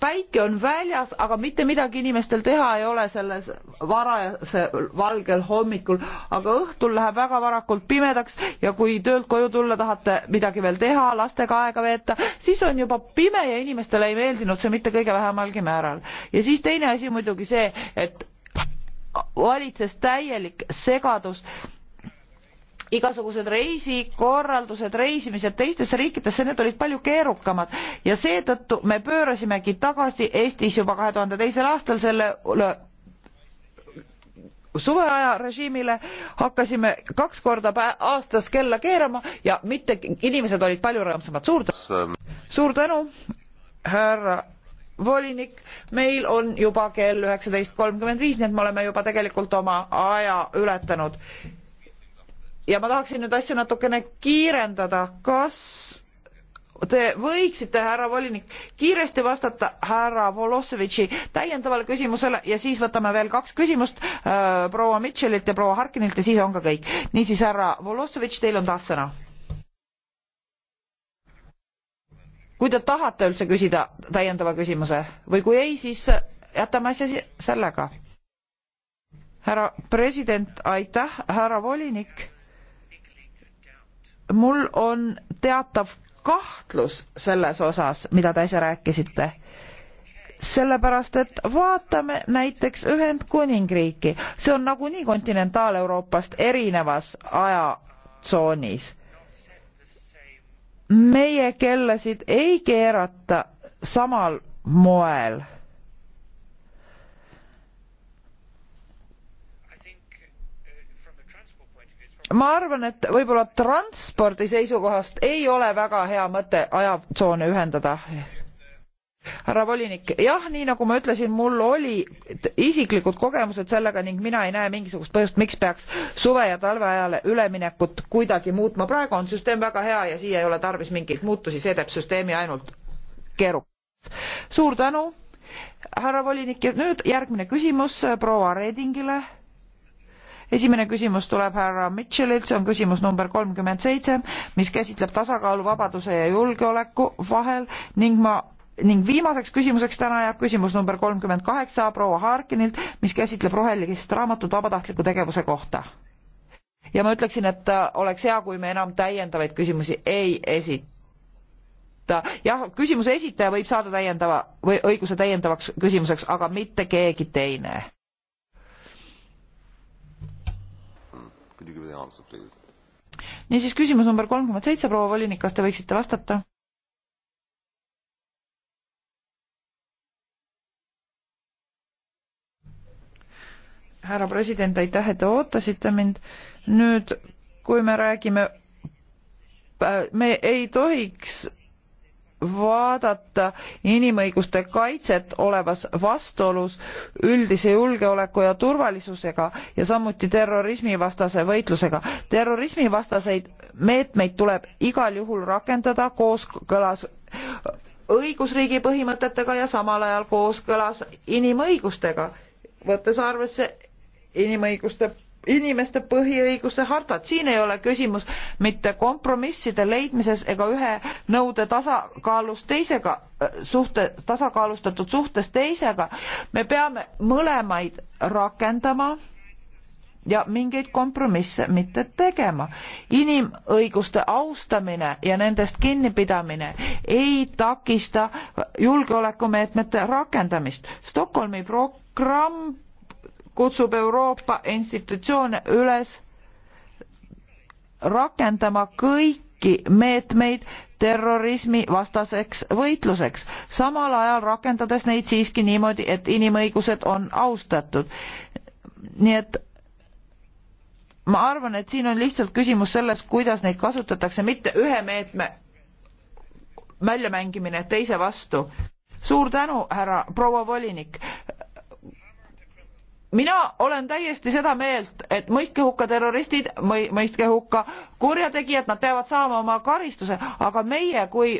päike on väljas, aga mitte midagi inimestel teha ei ole selles varajase valgel hommikul, aga õhtul läheb väga varakult pimedaks ja kui töölt koju tulla tahate midagi veel teha, lastega aega veeta, siis on juba pime ja inimestele ei meeldinud see mitte kõige vähemalgi määral. ja siis teine asi muidugi see, et valitses täielik segadus igasugused reisikorraldused, reisimised teistesse riikidesse, need olid palju keerukamad ja seetõttu me pöörasimegi tagasi Eestis juba kahe tuhande teisel aastal selle suveaja režiimile hakkasime kaks korda aastas kella keerama ja mitte inimesed olid palju rõõmsamad. suur tänu, suur tänu, härra volinik, meil on juba kell üheksateist kolmkümmend viis, nii et me oleme juba tegelikult oma aja ületanud ja ma tahaksin nüüd asju natukene kiirendada, kas te võiksite, härra volinik, kiiresti vastata härra Volosevitši täiendavale küsimusele ja siis võtame veel kaks küsimust äh, proua Mitchellilt ja proua Harkinilt ja siis on ka kõik. niisiis, härra Volosevitš, teil on taas sõna. kui te tahate üldse küsida täiendava küsimuse või kui ei, siis jätame asja sellega. härra president, aitäh, härra volinik mul on teatav kahtlus selles osas, mida te äsja rääkisite sellepärast et vaatame näiteks Ühendkuningriiki, see on nagunii kontinentaal-Euroopast erinevas ajatsoonis. meie kellasid ei keerata samal moel ma arvan, et võib-olla transpordi seisukohast ei ole väga hea mõte ajatsoone ühendada. härra volinik, jah, nii nagu ma ütlesin, mul oli isiklikud kogemused sellega ning mina ei näe mingisugust põhjust, miks peaks suve ja talve ajale üleminekut kuidagi muutma. praegu on süsteem väga hea ja siia ei ole tarvis mingeid muutusi, see teeb süsteemi ainult keerukaks. suur tänu, härra volinik ja nüüd järgmine küsimus proua Redingile esimene küsimus tuleb härra Mitchellilt, see on küsimus number kolmkümmend seitse, mis käsitleb tasakaalu vabaduse ja julgeoleku vahel ning ma ning viimaseks küsimuseks täna jääb küsimus number kolmkümmend kaheksa proua Harkinilt, mis käsitleb rohelist raamatut vabatahtliku tegevuse kohta. ja ma ütleksin, et äh, oleks hea, kui me enam täiendavaid küsimusi ei esita. jah, küsimuse esitaja võib saada täiendava või õiguse täiendavaks küsimuseks, aga mitte keegi teine Could you give the answer, please? niisiis, küsimus number kolmkümmend seitse, proua volinik, kas te võiksite vastata? härra president, aitäh, et te ootasite mind. nüüd, kui me räägime, äh, me ei tohiks vaadata inimõiguste kaitset olevas vastuolus üldise julgeoleku ja turvalisusega ja samuti terrorismivastase võitlusega. terrorismivastaseid meetmeid tuleb igal juhul rakendada kooskõlas õigusriigi põhimõtetega ja samal ajal kooskõlas inimõigustega, võttes arvesse inimõiguste inimeste põhiõiguste hartat. siin ei ole küsimus mitte kompromisside leidmises ega ühe nõude tasakaalus teisega, äh, suhte, tasakaalustatud suhtes teisega. me peame mõlemaid rakendama ja mingeid kompromisse mitte tegema. inimõiguste austamine ja nendest kinnipidamine ei takista julgeolekumeetmete rakendamist. Stockholmi programm kutsub Euroopa institutsioone üles rakendama kõiki meetmeid terrorismi vastaseks võitluseks, samal ajal rakendades neid siiski niimoodi, et inimõigused on austatud. nii et ma arvan, et siin on lihtsalt küsimus selles, kuidas neid kasutatakse, mitte ühe meetme väljamängimine teise vastu. suur tänu, härra proua volinik, mina olen täiesti seda meelt, et mõistke hukka terroristid, mõistke hukka kurjategijad, nad peavad saama oma karistuse, aga meie kui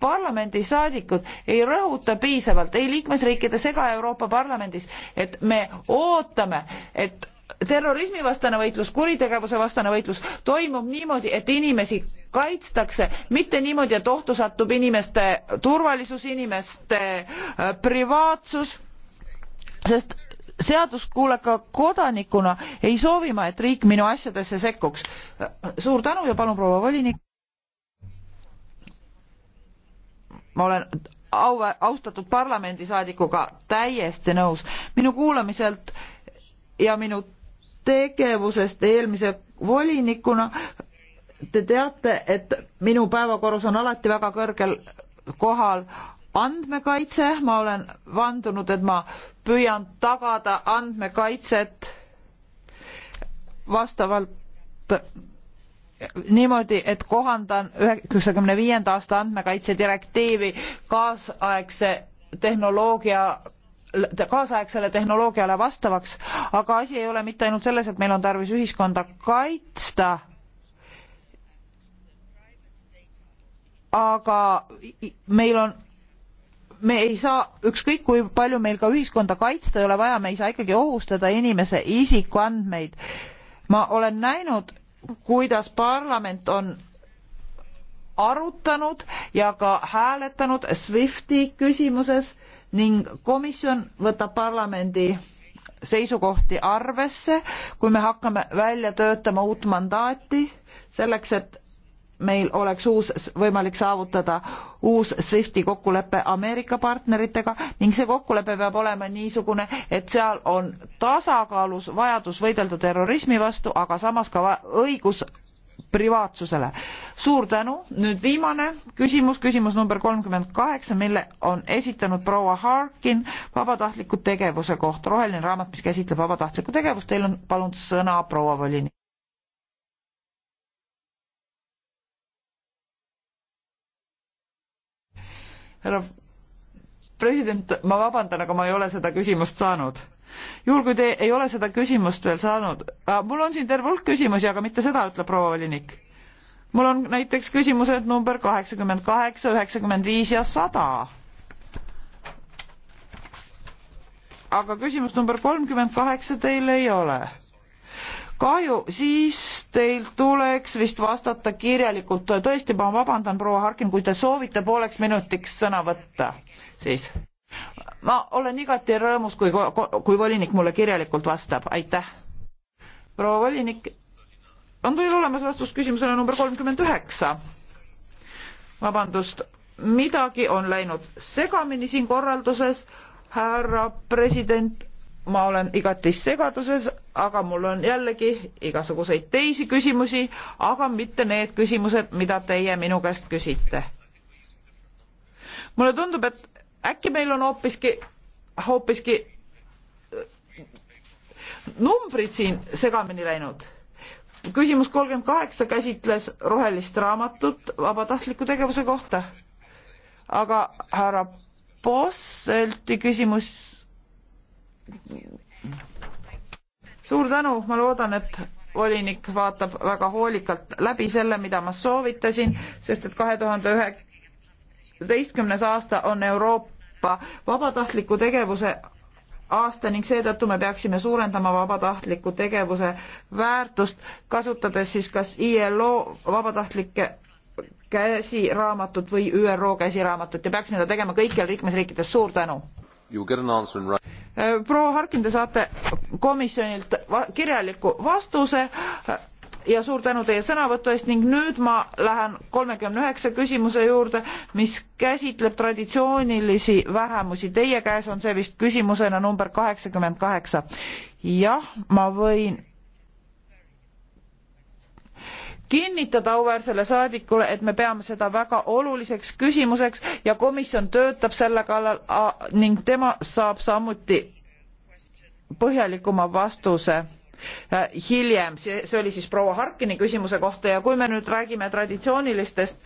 parlamendisaadikud ei rõhuta piisavalt ei liikmesriikides ega Euroopa Parlamendis, et me ootame, et terrorismivastane võitlus, kuritegevuse vastane võitlus toimub niimoodi, et inimesi kaitstakse, mitte niimoodi, et ohtu satub inimeste turvalisus, inimeste äh, privaatsus, sest seaduskuuleka kodanikuna ei soovi ma, et riik minu asjadesse sekkuks. suur tänu ja palun, proua volinik. ma olen au, austatud parlamendisaadikuga täiesti nõus. minu kuulamiselt ja minu tegevusest eelmise volinikuna te teate, et minu päevakorras on alati väga kõrgel kohal andmekaitse, ma olen vandunud, et ma püüan tagada andmekaitset vastavalt niimoodi, et kohandan üheksakümne viienda aasta andmekaitse direktiivi kaasaegse tehnoloogia kaasaegsele tehnoloogiale vastavaks, aga asi ei ole mitte ainult selles, et meil on tarvis ühiskonda kaitsta, aga meil on me ei saa, ükskõik kui palju meil ka ühiskonda kaitsta ei ole vaja, me ei saa ikkagi ohustada inimese isikuandmeid. ma olen näinud, kuidas parlament on arutanud ja ka hääletanud SWIFTi küsimuses ning komisjon võtab parlamendi seisukohti arvesse, kui me hakkame välja töötama uut mandaati selleks, et meil oleks uus, võimalik saavutada uus SWIFTi kokkulepe Ameerika partneritega ning see kokkulepe peab olema niisugune, et seal on tasakaalus vajadus võidelda terrorismi vastu, aga samas ka õigus privaatsusele. suur tänu, nüüd viimane küsimus, küsimus number kolmkümmend kaheksa, mille on esitanud proua Harkin vabatahtliku tegevuse kohta, roheline raamat, mis käsitleb vabatahtlikku tegevust, teil on palun sõna, proua volinik. härra president, ma vabandan, aga ma ei ole seda küsimust saanud. juhul, kui te ei ole seda küsimust veel saanud, mul on siin terve hulk küsimusi, aga mitte seda, ütleb proua volinik. mul on näiteks küsimused number kaheksakümmend kaheksa, üheksakümmend viis ja sada. aga küsimus number kolmkümmend kaheksa teil ei ole kahju, siis teil tuleks vist vastata kirjalikult. tõesti, ma vabandan, proua Harkin, kui te soovite pooleks minutiks sõna võtta, siis ma olen igati rõõmus, kui, kui volinik mulle kirjalikult vastab, aitäh. proua volinik, on teil olemas vastus küsimusele number kolmkümmend üheksa? vabandust, midagi on läinud segamini siin korralduses, härra president ma olen igati segaduses, aga mul on jällegi igasuguseid teisi küsimusi, aga mitte need küsimused, mida teie minu käest küsite. mulle tundub, et äkki meil on hoopiski, hoopiski äh, numbrid siin segamini läinud. küsimus kolmkümmend kaheksa käsitles rohelist raamatut vabatahtliku tegevuse kohta. aga härra Posselti küsimus suur tänu, ma loodan, et volinik vaatab väga hoolikalt läbi selle, mida ma soovitasin, sest et kahe tuhande üheksateistkümnes aasta on Euroopa vabatahtliku tegevuse aasta ning seetõttu me peaksime suurendama vabatahtliku tegevuse väärtust, kasutades siis kas ILO vabatahtlikke käsiraamatut või ÜRO käsiraamatut ja peaksime seda tegema kõikjal liikmesriikides, suur tänu! Äh, proua Harkin, te saate komisjonilt kirjaliku vastuse äh, ja suur tänu teie sõnavõtu eest ning nüüd ma lähen kolmekümne üheksa küsimuse juurde, mis käsitleb traditsioonilisi vähemusi. Teie käes on see vist küsimusena number kaheksakümmend kaheksa. jah, ma võin kinnitada auväärsele saadikule et me peame seda väga oluliseks küsimuseks ja komisjon töötab selle kallal ning tema saab samuti põhjalikuma vastuse äh, hiljem see see oli siis proua harkini küsimuse kohta ja kui me nüüd räägime traditsioonilistest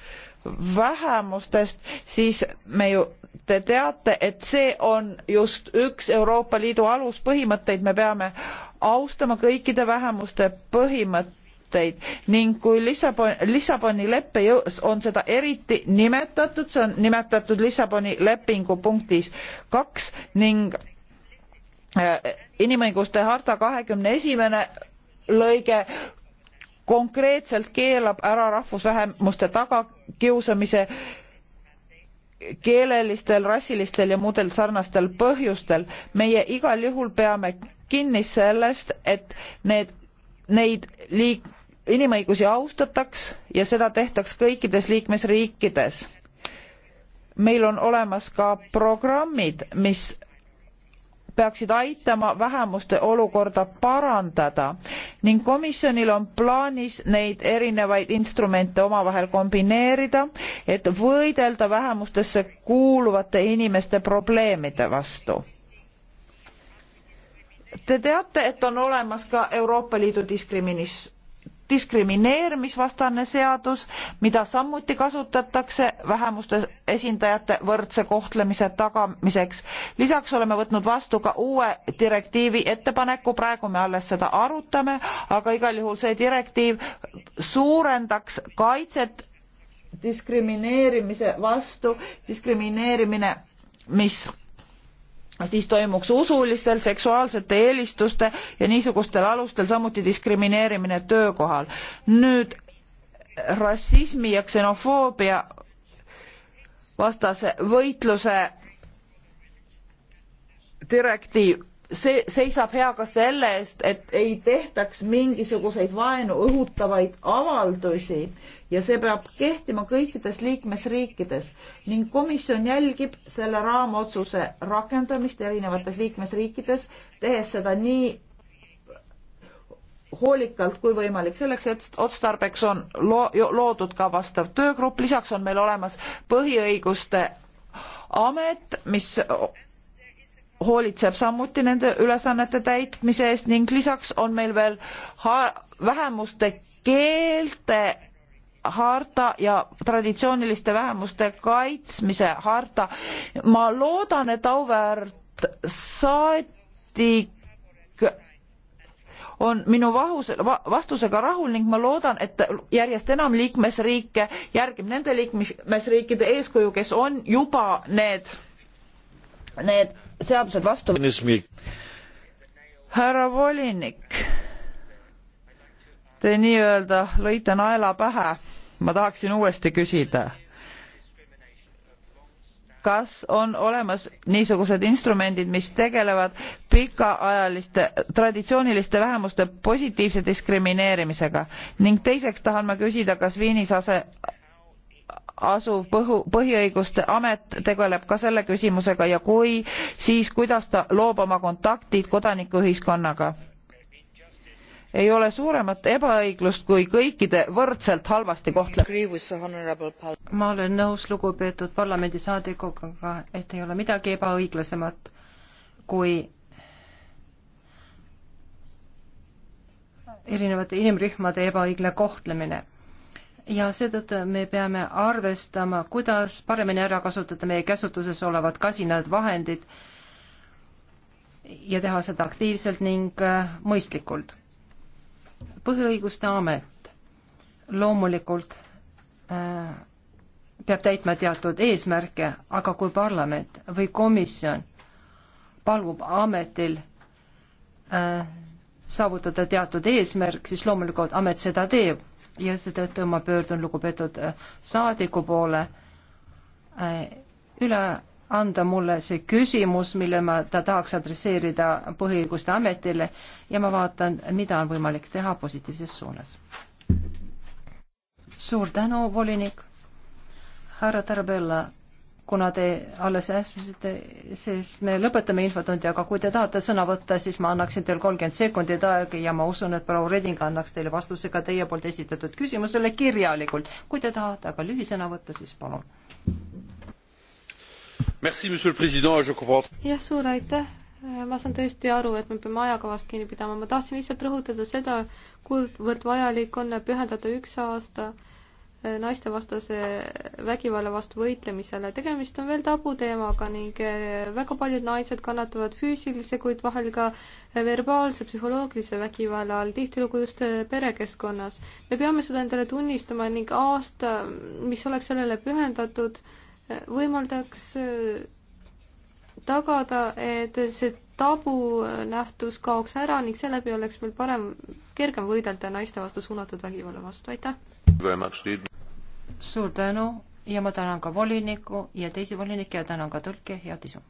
vähemustest siis me ju te teate et see on just üks euroopa liidu aluspõhimõtteid me peame austama kõikide vähemuste põhimõtteid mõtteid ning kui Lissabon, Lissaboni leppe jõus on seda eriti nimetatud, see on nimetatud Lissaboni lepingu punktis kaks ning äh, inimõiguste harta kahekümne esimene lõige konkreetselt keelab ära rahvusvähemuste tagakiusamise keelelistel rassilistel ja muudel sarnastel põhjustel meie igal juhul peame kinni sellest et need neid liik- inimõigusi austataks ja seda tehtaks kõikides liikmesriikides. meil on olemas ka programmid, mis peaksid aitama vähemuste olukorda parandada ning komisjonil on plaanis neid erinevaid instrumente omavahel kombineerida, et võidelda vähemustesse kuuluvate inimeste probleemide vastu. Te teate, et on olemas ka Euroopa Liidu diskriminis-, diskrimineerimisvastane seadus, mida samuti kasutatakse vähemuste esindajate võrdse kohtlemise tagamiseks. lisaks oleme võtnud vastu ka uue direktiivi ettepaneku, praegu me alles seda arutame, aga igal juhul see direktiiv suurendaks kaitset diskrimineerimise vastu, diskrimineerimine, mis siis toimuks usulistel, seksuaalsete eelistuste ja niisugustel alustel samuti diskrimineerimine töökohal. nüüd rassismi ja ksenofoobia vastase võitluse direktiiv see seisab hea ka selle eest, et ei tehtaks mingisuguseid vaenu õhutavaid avaldusi ja see peab kehtima kõikides liikmesriikides ning komisjon jälgib selle raamotsuse rakendamist erinevates liikmesriikides, tehes seda nii hoolikalt kui võimalik, selleks et otstarbeks on lo loodud ka vastav töögrupp, lisaks on meil olemas põhiõiguste amet, mis hoolitseb samuti nende ülesannete täitmise eest ning lisaks on meil veel vähemuste keelte harta ja traditsiooniliste vähemuste kaitsmise harta. ma loodan, et auväärt saadik on minu vahus, vastusega rahul ning ma loodan, et järjest enam liikmesriike järgib nende liikmesriikide eeskuju, kes on juba need, need seadused vastu härra volinik te nii-öelda lõite naela pähe ma tahaksin uuesti küsida kas on olemas niisugused instrumendid mis tegelevad pikaajaliste traditsiooniliste vähemuste positiivse diskrimineerimisega ning teiseks tahan ma küsida kas Viinis ase asuv põhu, põhiõiguste amet tegeleb ka selle küsimusega ja kui siis kuidas ta loob oma kontaktid kodanikuühiskonnaga ei ole suuremat ebaõiglust kui kõikide võrdselt halvasti kohtlemine. ma olen nõus lugupeetud parlamendisaadikuga, et ei ole midagi ebaõiglasemat kui erinevate inimrühmade ebaõiglane kohtlemine. ja seetõttu me peame arvestama, kuidas paremini ära kasutada meie käsutuses olevad kasinad vahendid ja teha seda aktiivselt ning äh, mõistlikult põhiõiguste amet loomulikult äh, peab täitma teatud eesmärke, aga kui parlament või komisjon palub ametil äh, saavutada teatud eesmärk, siis loomulikult amet seda teeb ja seetõttu ma pöördun lugupeetud äh, saadiku poole äh, üle anda mulle see küsimus, mille ma ta tahaks adresseerida Põhiõiguste Ametile ja ma vaatan, mida on võimalik teha positiivses suunas. suur tänu, volinik. härra Tarabella, kuna te alles äsjasite, siis me lõpetame infotundi, aga kui te tahate sõna võtta, siis ma annaksin teil kolmkümmend sekundit aega ja ma usun, et proua Reding annaks teile vastuse ka teie poolt esitatud küsimusele kirjalikult. kui te tahate aga lühisõna võtta, siis palun jah, suur aitäh. ma saan tõesti aru, et me peame ajakavast kinni pidama. ma tahtsin lihtsalt rõhutada seda, kuivõrd vajalik on pühendada üks aasta naistevastase vägivalla vastu võitlemisele. tegemist on veel tabuteemaga ning väga paljud naised kannatavad füüsilise, kuid vahel ka verbaalse, psühholoogilise vägivalla all, tihtilugu just perekeskkonnas. me peame seda endale tunnistama ning aasta, mis oleks sellele pühendatud, võimaldaks äh, tagada, et see tabu nähtus kaoks ära ning seeläbi oleks meil parem, kergem võidelda naiste vastu suunatud vägivalla vastu, aitäh! suur tänu ja ma tänan ka volinikku ja teisi volinikke ja tänan ka tõlke, head isu!